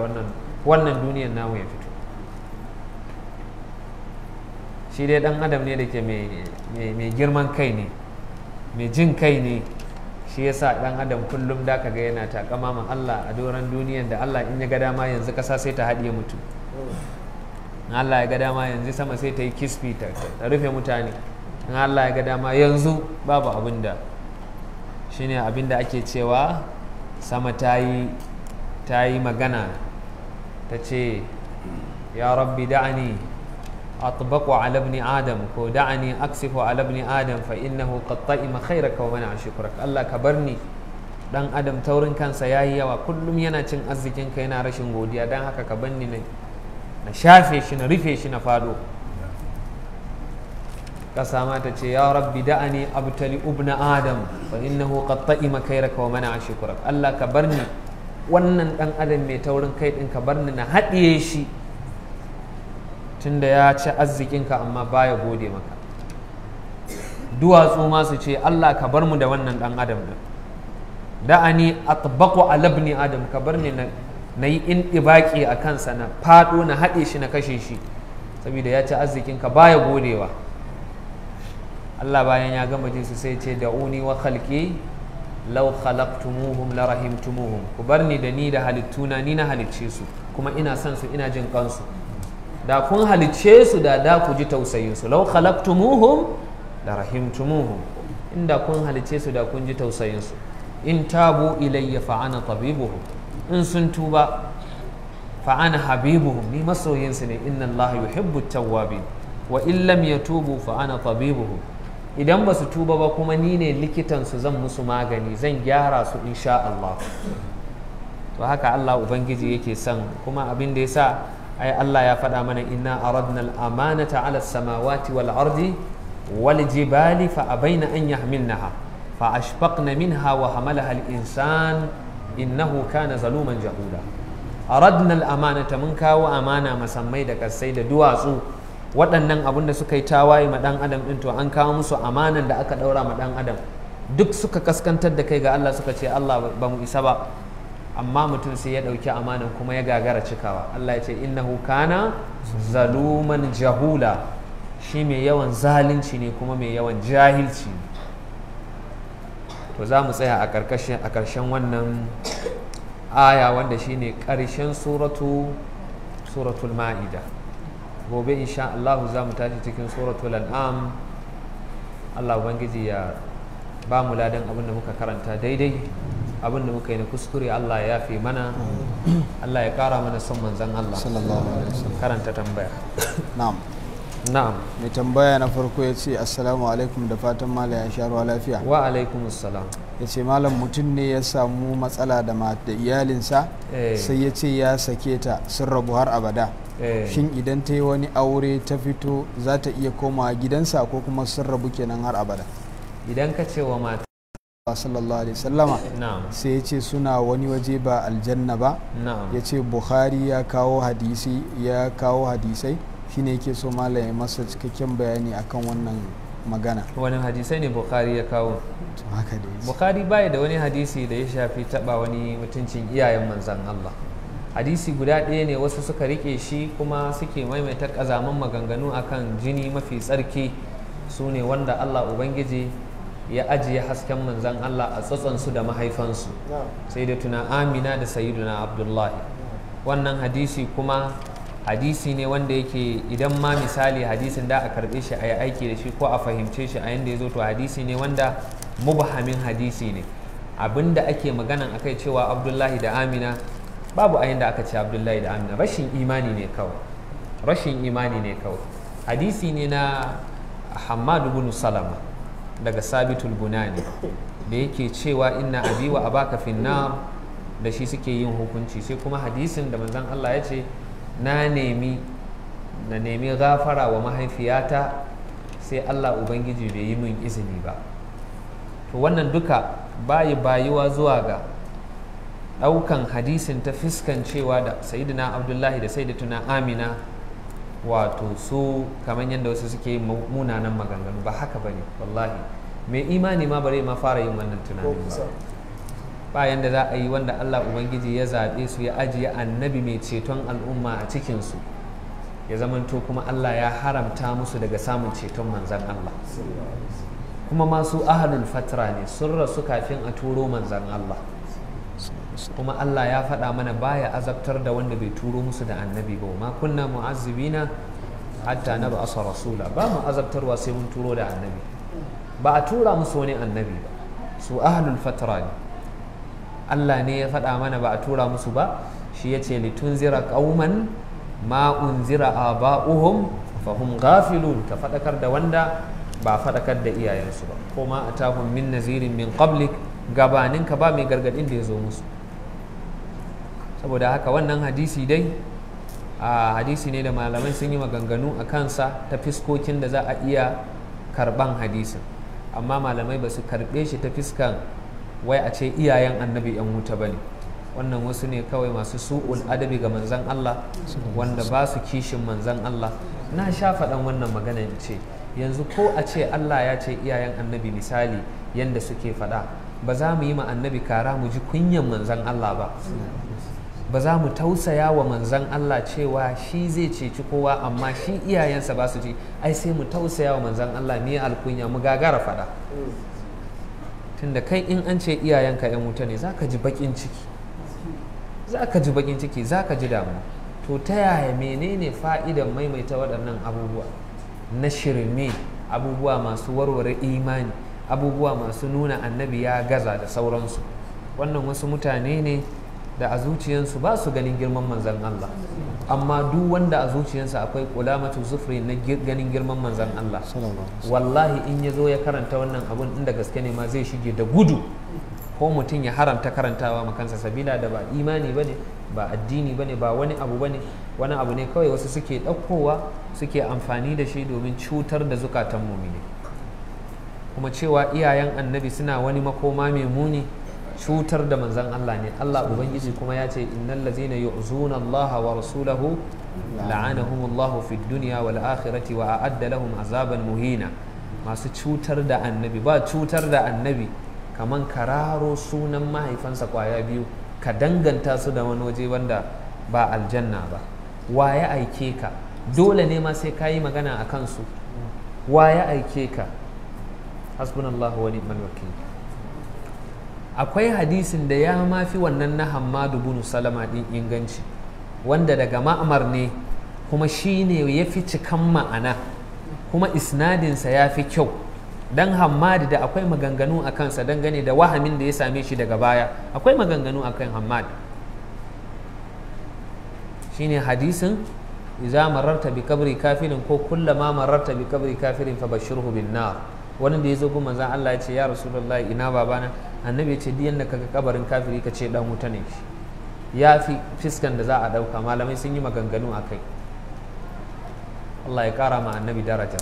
wannan duniyan namu ya fito shi dai dan adam ne da ke mai girman kai ne mai jin kai ne shi yasa dan adam kullum da ka ga yana ma Allah a doron duniyan da Allah in ya ga dama yanzu kasa sai ta haɗiye mutu Allah ya ga dama yanzu sama sai ta yi kisfi ta rufe mutane in Allah ya ga dama yanzu babu abin da shine abin da ake cewa sama ta yi ta yi magana ta ce ya rabbi da'ani أطبق على ابن آدم ودعني أكسف على ابن آدم فإنه قد طئم خيرك ومنع شكرك الله كبرني dan adam taurin kansa ya yi yawa kullum yana cin arzikinka yana rashin godiya don haka ka banni ne na shafe shi na rufe shi na fado ƙasa mata ce ya rabbi da'ani abtali ubna adam fa innahu qad ta'ima khairaka wa mana ashkurak Allah ka barni wannan dan adam mai taurin kai din ka barni na haɗiye shi tunda ya ci arzikinka amma baya gode maka duwatsu ma su ce Allah ka bar mu da wannan dan adam din da'ani atbaqu ala ibn adam ka bar ni na yi indibaki a kansa na fado na haɗe shi na kashe shi saboda ya ci arzikinka baya godewa Allah bayan ya gama jinsu sai ce da'uni wa khalqi law khalaqtumuhum la rahimtumuhum ku bar ni da ni da halittuna ni na halicce su kuma ina son su ina jin kansu da kun halicce su da da ku ji tausayin su law khalaqtumuhum la rahimtumuhum inda kun halicce su da kun ji tausayin su in tabu ilayya fa ana tabibuhum in sun tuba fa ana habibuhum ni masoyin su ne inna allaha yuhibbu tawwabin wa in lam yatubu fa ana tabibuhum idan ba su tuba ba kuma ni ne likitan su zan musu magani zan gyara su insha Allah to haka Allah ubangiji yake son kuma abin da ya sa ai Allah ya faɗa mana inna aradna al-amanata ala samawati wal ardi wal jibali fa abaina an yahmilnaha fa ashfaqna minha wa hamalaha al-insan innahu kana zaluman jahuda aradna al-amanata mun kawo amana masammai da kasai da duwatsu waɗannan abin da suka yi tawaye ma ɗan adam ɗin to an kawo musu amanan da aka ɗaura ma ɗan adam duk suka kaskantar da kai ga Allah suka ce Allah ba mu isa ba amma mutum sai ya ɗauki amanan kuma ya gagara cikawa Allah ya ce innahu kana zaluman jahula shi mai yawan zalunci ne kuma mai yawan jahilci to za mu tsaya a ƙarshen wannan aya wanda shi ne ƙarshen suratu suratul ma'ida gobe insha Allah za mu tashi cikin suratul an'am Allah ubangiji ya ba mu ladan abin da muka karanta daidai abin da muka yi na kuskure Allah ya fi mana Allah ya kara mana son manzan Allah karanta tambaya na'am na'am mai tambaya na farko ya ce assalamu alaikum da fatan mala ya sha ruwa lafiya wa alaikum assalam ya ce malam mutum ne ya samu matsala da da iyalinsa eh. sai ya ce ya sake ta sun rabu har abada eh. shin idan ta yi wani aure ta fito za ta iya komawa gidansa ko kuma sun rabu kenan har abada idan ka ce wa mata sallallahu alaihi sallama sai ya ce suna wani waje ba aljanna ba ya ce bukhari ya kawo hadisi ya kawo hadisai shine yake so malam ya masa cikakken bayani akan wannan magana wani hadisai ne buhari ya kawo buhari baya da wani hadisi da ya shafi taba wani mutuncin iyayen manzan allah hadisi guda ɗaya ne wasu suka rike shi kuma suke maimaita kazaman maganganu akan jini mafi tsarki su ne wanda allah ubangiji ya ajiye hasken manzan Allah a su da mahaifansu sai da tuna amina da sayiduna abdullahi wannan hadisi kuma hadisi ne wanda yake idan ma misali hadisin da a karbe shi a yi aiki da shi ko a fahimce shi a yadda ya zo to hadisi ne wanda mubahamin hadisi ne abinda ake maganan akai cewa abdullahi da amina babu a yadda aka ce abdullahi da amina rashin imani ne kawai rashin imani ne kawai hadisi ne na hamadu bin salama daga sabitul bunani da yake cewa inna abi wa abaka finnar da shi suke yin hukunci sai kuma hadisin da manzon Allah ya ce na nemi na nemi gafara wa mahaifiyata sai Allah ubangiji bai yi min izini ba to wannan duka bayi bayuwa zuwa ga ɗaukan hadisin ta fiskan cewa da sayyidina abdullahi da sayyidatuna amina wato su kamar yadda wasu suke munanan maganganu ba haka ba ne wallahi mai imani ma bare ma fara yin wannan tunanin ba ba yadda za a yi wanda Allah Ubangiji ya zaɓe su ya ajiye annabi mai ceton al'umma a cikinsu ya zamanto kuma Allah ya haramta musu daga samun ceton manzan Allah kuma masu ahalul fatra ne sun rasu kafin a turo manzan Allah kuma Allah ya faɗa mana baya azabtar da wanda bai turo musu da annabi ba ma kunna mu'azzibina hatta na ba'asa rasula ba mu azabtarwa sai mun turo da annabi ba a tura musu wani annabi ba su ahlul fatra ne Allah ne ya faɗa mana ba a tura musu ba shi ya ce litunzira kauman ma unzira aba'uhum fahum gafilun ka faɗakar da wanda ba faɗakar da iyayensu ba ko ma tahun min nazirin min qablik gabaninka ba mai gargadin da ya zo musu saboda haka wannan hadisi dai a hadisi ne da malamai sun yi maganganu a kansa ta fiskokin da za a iya karban hadisin amma malamai ba su karbe shi ta fiskan wai a ce iyayen annabi yan wuta ba ne wannan wasu ne kawai masu su'ul adabi ga manzan Allah wanda ba su kishin manzan Allah na sha faɗan wannan magana ce yanzu ko a ce Allah ya ce iyayen annabi misali yanda suke faɗa ba za mu yi ma annabi kara mu ji kunyan manzan Allah ba ba za mu tausaya wa manzan Allah cewa shi zai ceci kowa amma shi iyayensa ba su ci ai sai mu tausaya wa manzan Allah ni alkunya mu gagara fada tunda kai in an ce iyayenka yan wuta ne za ka ji bakin ciki za ka ji bakin ciki za ka ji damuwa to ta yaya menene fa'idan maimaita waɗannan abubuwa na shirme abubuwa masu warware imani abubuwa masu nuna annabi ya gaza da sauransu wannan wasu mutane ne da a zuciyarsu ba su ganin girman manzan Allah amma duk wanda a zuciyarsa akwai kulamatu zufri na ganin girman manzan Allah wallahi in ya zo ya karanta wannan abun inda gaske ne ma zai shige da gudu ko mutum ya haramta karantawa makansa sabila da ba imani bane ba addini bane ba wani abu bane wani abu ne kawai wasu suke ɗaukowa suke amfani da shi domin cutar da zukatan mumine kuma cewa iyayen annabi suna wani makoma mai muni cutar da manzan Allah ne Allah ubangiji kuma ya ce innal ladzina yu'zuna Allah wa rasulahu la'anahum Allah fid dunya wal akhirati wa a'adda lahum azaban muhina masu cutar da annabi ba cutar da annabi kaman kararo sunan mahaifansa kwaya biyu ka danganta su da wani waje wanda ba aljanna ba wa ya aike ka dole ne ma sai ka yi magana a kansu wa ya aike ka hasbunallahu wa ni'mal wakil akwai hadisin da ya mafi wannan na hamadu bin salama din inganci wanda daga ma'amar ne kuma shi ne ya fi cikan ma'ana kuma isnadinsa ya fi kyau dan hamadu da akwai maganganu a kansa dangane da wahamin da ya same shi daga baya akwai maganganu a kan Shi ne hadisin iza mararta bi kabri kafirin ko kullama mararta bi kabri kafirin fa bashirhu bin nar wani da ya zo gun manzon Allah ya ce ya rasulullahi ina babana annabi ya ce duk yanda kaga kabarin kafiri ka ce dan wuta ne ya fi fiskan da za a dauka malamai sun yi maganganu a kai Allah ya kara ma annabi daraja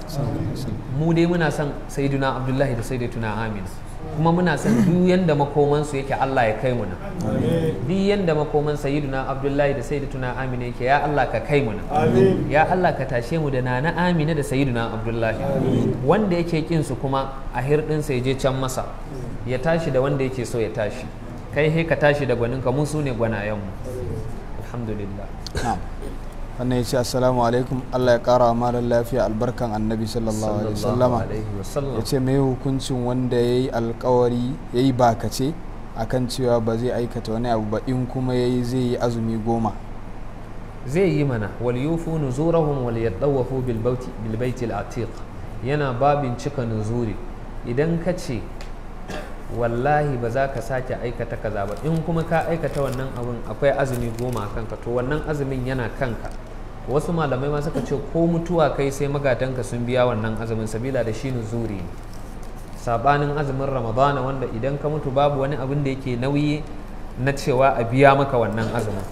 mu dai muna son sayyiduna abdullahi da sayyidatuna amina kuma muna san duk yanda makomansu yake Allah ya kai mu nan duk yanda makoman sayyiduna Abdullahi da tuna Amina yake ya Allah ka kai mu ya Allah ka tashe mu da nana Amina da sayidu na Abdullahi wanda yake kin su kuma a hirdin ya je can masa ya tashi da wanda yake so ya tashi kai he ka tashi da gwaninka mu su ne gwanayen mu alhamdulillah wannan ya ce assalamu alaikum allah ya kara malar lafiya albarkan annabi sallallahu alaihi wasallama ya ce mai hukuncin wanda ya yi alkawari ya yi bakace akan cewa ba zai aikata wani abu ba in kuma ya yi zai yi azumi goma zai yi mana wal yufu nuzurahum wal yatawafu bil bauti bil baiti al atiq yana babin cika nuzuri idan ka ce wallahi ba za ka sake aikata kaza ba in kuma ka aikata wannan abun akwai azumi goma kanka to wannan azumin yana kanka wasu malamai ma suka ce ko mutuwa kai sai magatanka sun biya wannan azumin sabila da shi nuzuri ne sabanin azumin ramadana wanda idan ka mutu babu wani abin da yake nauyi na cewa a biya maka wannan azumin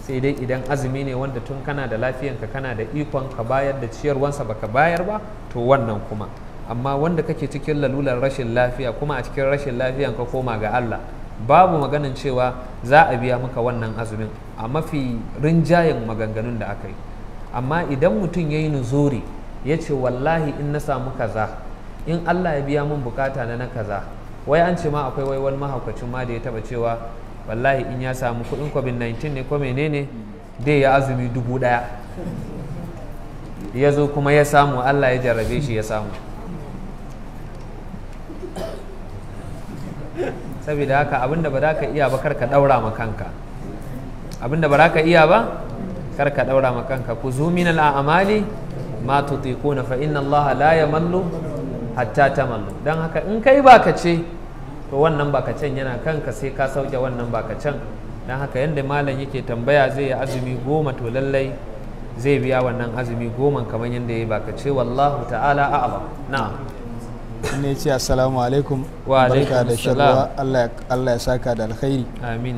sai dai idan azumi ne wanda tun kana da lafiyanka kana da ikon ka bayar da ciyarwansa baka bayar ba to wannan kuma amma wanda kake cikin lalular rashin lafiya kuma a cikin rashin lafiyan ka koma ga Allah babu maganin cewa za a biya maka wannan azumin a mafi rinjayen maganganun da aka yi amma idan mutum ya yi nuzuri ya ce wallahi in na samu kaza in allah ya biya min bukata na na kaza wai an ce ma akwai wai wani mahaukacin ma da ya taba cewa wallahi in ya samu kuɗin covid-19 ne ko menene dai ya azumi dubu ɗaya ya zo kuma ya samu allah ya jarrabe shi ya samu saboda haka abinda ba za ka iya ba kar ka ɗaura ma kanka abinda ba za ka iya ba kar ka daura ma kanka ku zu min al'amali ma tutiquna fa inna allaha la yamallu hatta tamallu dan haka in kai baka ce to wannan baka can yana kanka sai ka sauke wannan baka can dan haka yanda malam yake tambaya zai yi azumi goma to lallai zai biya wannan azumi goma kamar yanda ya baka ce wallahu ta'ala a'lam na'am ne ce assalamu alaikum barka da shirwa Allah ya saka da alkhairi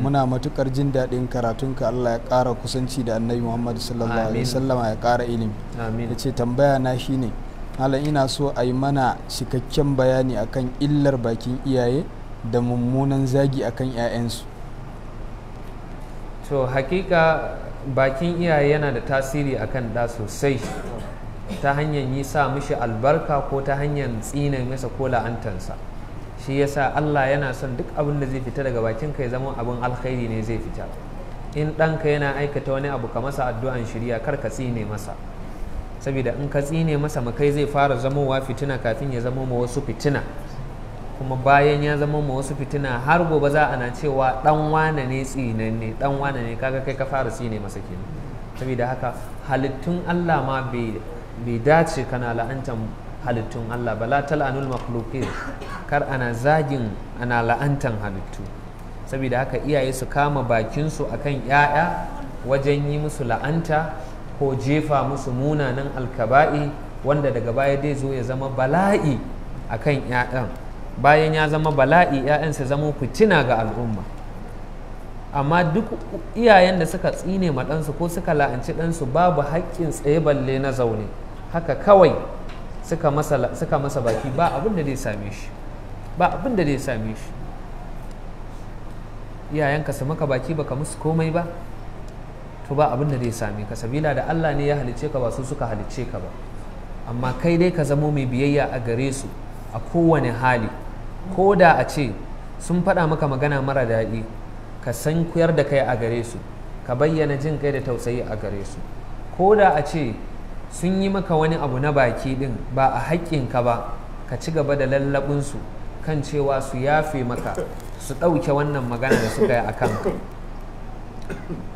muna matukar jin daɗin karatunka Allah ya ƙara kusanci da annabi Muhammad sallallahu alaihi wasallama ya ƙara ilimi ya ce tambaya na shine halin ina so a yi mana cikakken bayani akan illar bakin iyaye da mummunan zagi akan 'ya'yansu to hakika bakin iyaye yana da tasiri akan da sosai ta hanyar yi sa mishi albarka ko ta hanyar tsina masa ko la'antansa shi yasa Allah yana son duk abin da zai fita daga bakin ka ya zama abin alkhairi ne zai fita in ɗanka yana aikata wani abu ka masa addu'an shirya kar ka tsine masa saboda in ka tsine masa makai zai fara zamowa fitina kafin ya zama ma wasu fitina kuma bayan ya zama ma wasu fitina har gobe za na cewa dan wane ne tsinanne dan wane ne kaga kai ka fara tsine masa kenan saboda haka halittun Allah ma bai bai dace kana la'antar halittun Allah ba latal anul makhluqin kar ana zagin ana la'antar halittu saboda haka iyaye su kama bakinsu akan 'ya'ya wajen yi musu la'anta ko jefa musu munanan alkaba'i wanda daga baya dai zo ya zama bala'i akan 'ya'yan bayan ya zama bala'i 'ya'yan su zama fitina ga al'umma amma duk iyayen da suka tsine ma ɗansu ko suka la'anci ɗansu babu haƙƙin tsaye balle na zaune haka kawai suka masa baki ba abin da zai same shi ba abin da zai same shi iyayenka su maka baki baka musu komai ba to ba abin da zai same ka sabila da Allah ne ya halice ka ba su suka halice ka ba amma kai dai ka zamo mai biyayya a gare su a kowane hali ko da a ce sun faɗa maka magana mara daɗi ka san kuyar da kai a gare su ka bayyana jin kai da tausayi a gare su ko da a ce sun yi maka wani abu na baki din ba a haƙƙinka ba ka ci gaba da lallaɓinsu kan cewa su yafe maka su ɗauke wannan magana da suka yi a kan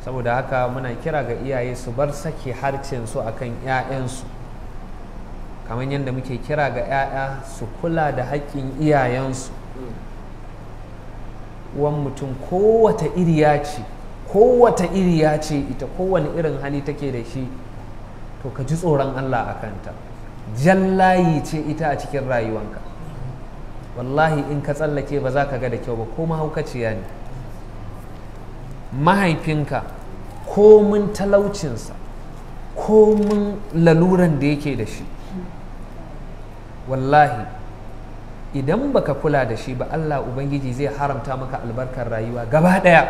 saboda haka muna kira ga iyaye su bar sake harcensu a kan 'ya'yansu kamar yadda muke kira ga 'ya'ya su kula da haƙƙin iyayensu wan mutum kowata iriya ce kowata iriya ce ita kowane irin hali take da shi to ka ji tsoron Allah a kanta jallayi ce ita a cikin rayuwanka wallahi in ka tsallake ba za ka ga da kyau ba ko mahaukaciya ne mahaifinka ko komin talaucinsa mun laluran da yake da shi wallahi idan baka kula da shi ba Allah Ubangiji zai haramta maka albarkar rayuwa gaba ɗaya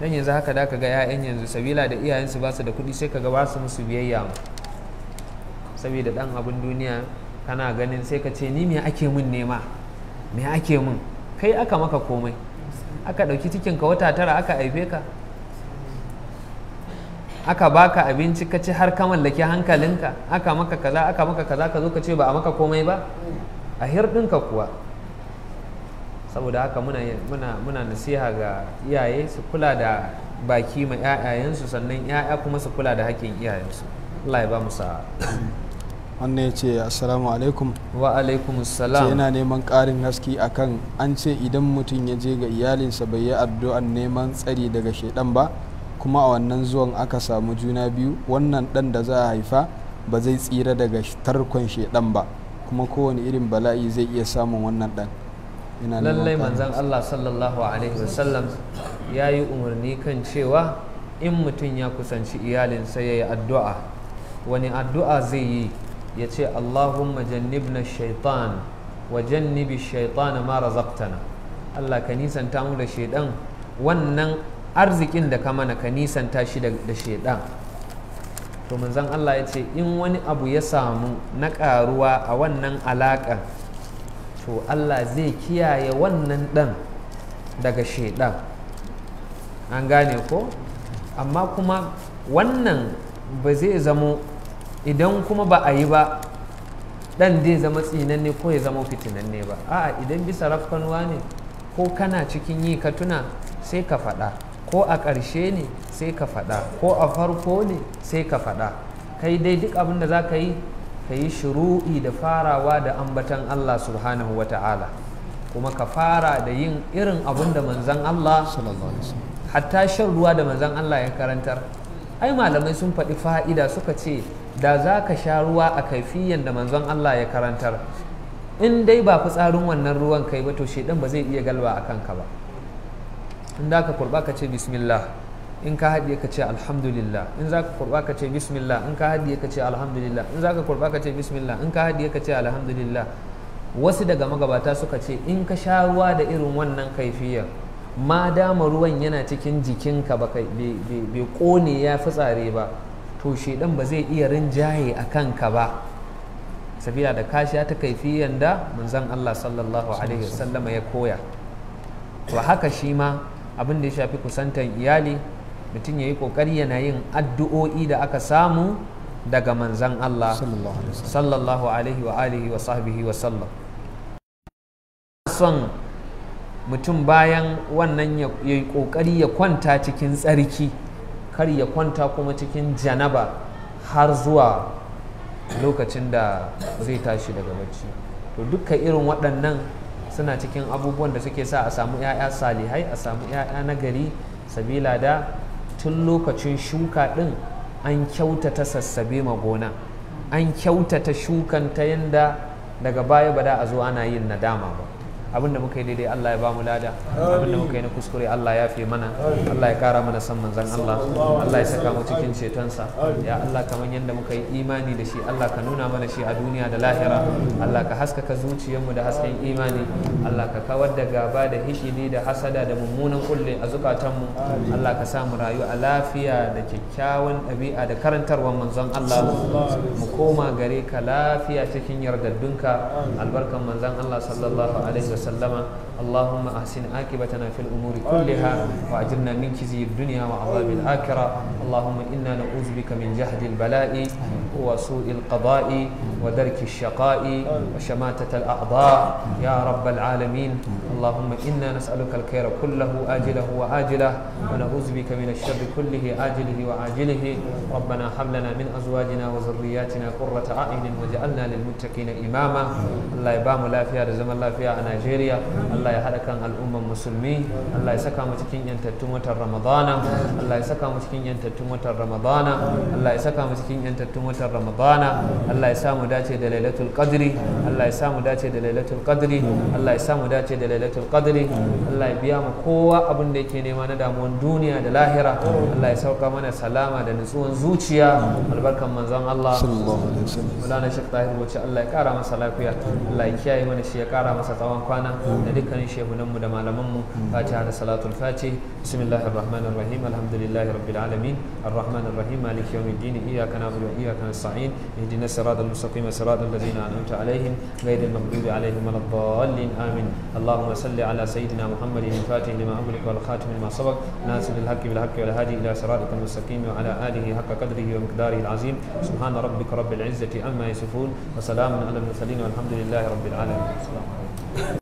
dan yanzu haka da ka ga 'ya'yan yanzu sabila da iyayensu ba su da kuɗi sai ka ga ba su musu biyayya saboda dan abin duniya kana ganin sai ka ce ni me ake mun nema me ake mun kai aka maka komai aka ɗauki cikinka wata tara aka haife ka aka baka abinci ka ci har ka mallaki hankalinka aka maka kaza aka maka kaza ka zo ka ce ba a maka komai ba a hirɗinka kuwa saboda haka muna, nasiha ga iyaye su kula da baki ma 'ya'yayensu sannan 'ya'ya kuma su kula da hakkin iyayensu Allah ya ba musa wannan ya ce assalamu alaikum wa alaikum salam yana neman ƙarin haske akan an ce idan mutum ya je ga iyalinsa bai yi addu'an neman tsari daga shaidan ba kuma a wannan zuwan aka samu juna biyu wannan dan da za a haifa ba zai tsira daga tarkon shaidan ba kuma kowane irin bala'i zai iya samun wannan dan lallai manzan Allah sallallahu alaihi wasallam ya yi umarni kan cewa in mutum ya kusanci iyalinsa ya yi addu'a wani addu'a zai yi ya ce Allahumma na shaitan wajen nibi shaitan mara razaqtana Allah ka nisanta mu da shaidan wannan arzikin da ka mana ka nisanta shi da shaidan to manzon Allah ya ce in wani abu ya samu na karuwa a wannan alaƙar to Allah zai kiyaye wannan ɗan daga shaidan an gane ko amma kuma wannan ba zai zamo idan kuma ba a yi ba ɗan zai zama tsinanne ko ya zama fitinanne ba a'a idan bisa rafkanuwa ne ko kana cikin yi ka tuna sai ka faɗa ko a ƙarshe ne sai ka faɗa ko a farko ne sai ka faɗa kai dai duk abin da za ka yi ka yi shuru'i da farawa da ambatan Allah subhanahu wa ta'ala kuma ka fara da yin irin abin da manzan Allah hatta shan ruwa da manzan Allah ya karantar ai malamai sun faɗi fa'ida suka ce da za ka sha ruwa a kaifiyan da manzon Allah ya karantar in dai ba fitsarin wannan ruwan kai ba to shaidan ba zai iya galba a kanka ba in da ka kurba ka ce bismillah in ka haɗiye ka ce alhamdulillah in za ka kurɓa ka ce bismillah in ka haɗiye ka ce alhamdulillah in za ka kurɓa ka ce bismillah in ka haɗiye ka ce alhamdulillah wasu daga magabata suka ce in ka sha ruwa da irin wannan kaifiyar ma dama ruwan yana cikin jikinka ba bai kone ya fitsare ba to shedan ba zai iya rinjaye a kanka ba sabila da kashiya ta kaifiyar da manzon Allah sallallahu alaihi wasallama ya koya to haka shi ma abin da ya shafi kusantan iyali mutum ya yi ƙoƙari yana yin addu'o'i da aka samu daga manzan Allah sallallahu alaihi wa alihi wa sahbihi wa sallam son mutum bayan wannan ya yi ƙoƙari ya kwanta cikin tsarki kar ya kwanta kuma cikin janaba har zuwa lokacin da zai tashi daga bacci to duka irin waɗannan suna cikin abubuwan da suke sa a samu 'ya'ya salihai a samu 'ya'ya nagari sabila da tun lokacin shuka ɗin an kyautata sassabe magona an kyautata shukan ta yadda daga baya ba da a zo ana yin nadama ba abinda muka yi daidai Allah ya ba mu lada abinda muka yi na kuskure Allah ya fi mana Allah ya kara mana san manzon Allah Allah ya saka mu cikin cetonsa ya Allah kamar yadda muka yi imani da shi Allah ka nuna mana shi a duniya da lahira Allah ka haskaka zuciyarmu da hasken imani Allah ka kawar da gaba da hishidi da hasada da mummunan kulle a zukatanmu Allah ka sa mu rayu a lafiya da kyakkyawan ɗabi'a da karantarwar manzon Allah mu koma gare ka lafiya cikin yardaddunka albarkan manzon Allah sallallahu alaihi وسلم اللهم أحسن عاقبتنا في الأمور كلها وأجرنا من خزي الدنيا وعذاب الآخرة اللهم إنا نعوذ بك من جهد البلاء وسوء القضاء ودرك الشقاء وشماتة الأعضاء يا رب العالمين اللهم إنا نسألك الخير كله آجله وآجله ونعوذ بك من الشر كله آجله وعاجله ربنا هب لنا من أزواجنا وذرياتنا قرة أعين وجعلنا للمتقين إماما الله يبام لا فيها رزم الله فيها نيجيريا الله يحرك الأمة المسلمين الله يسكى متكين ينتتم رمضان الله يسكى متكين ينتتم رمضان الله يسكى متكين ينتتم رمضان الله يسامو داتي دليلة القدر الله يسامو داتي دليلة القدر الله يسامو داتي دليلة lailatul qadri Allah ya biya mu kowa abin da yake nema na damuwan duniya da lahira Allah ya sauka mana salama da nutsuwan zuciya albarkan manzon Allah sallallahu alaihi wasallam mulana shek tahir wace Allah ya kara masa lafiya Allah ya kiyaye mana shi ya kara masa tsawon kwana da dukkanin shehunan mu da malaman mu fatiha da salatul fatih bismillahir rahmanir rahim alhamdulillahi rabbil alamin arrahmanir rahim maliki yawmiddin iyyaka na'budu wa iyyaka nasta'in ihdinas siratal mustaqim siratal ladzina an'amta alaihim ghayril maghdubi alaihim waladdallin amin اللهم صل على سيدنا محمد الفاتح لما أملك والخاتم لما سبق ناصر الحق بالحق والهادي إلى صراطك المستقيم وعلى آله حق قدره ومقداره العظيم سبحان ربك رب العزة عما يصفون وسلام على المرسلين والحمد لله رب العالمين السلام عليكم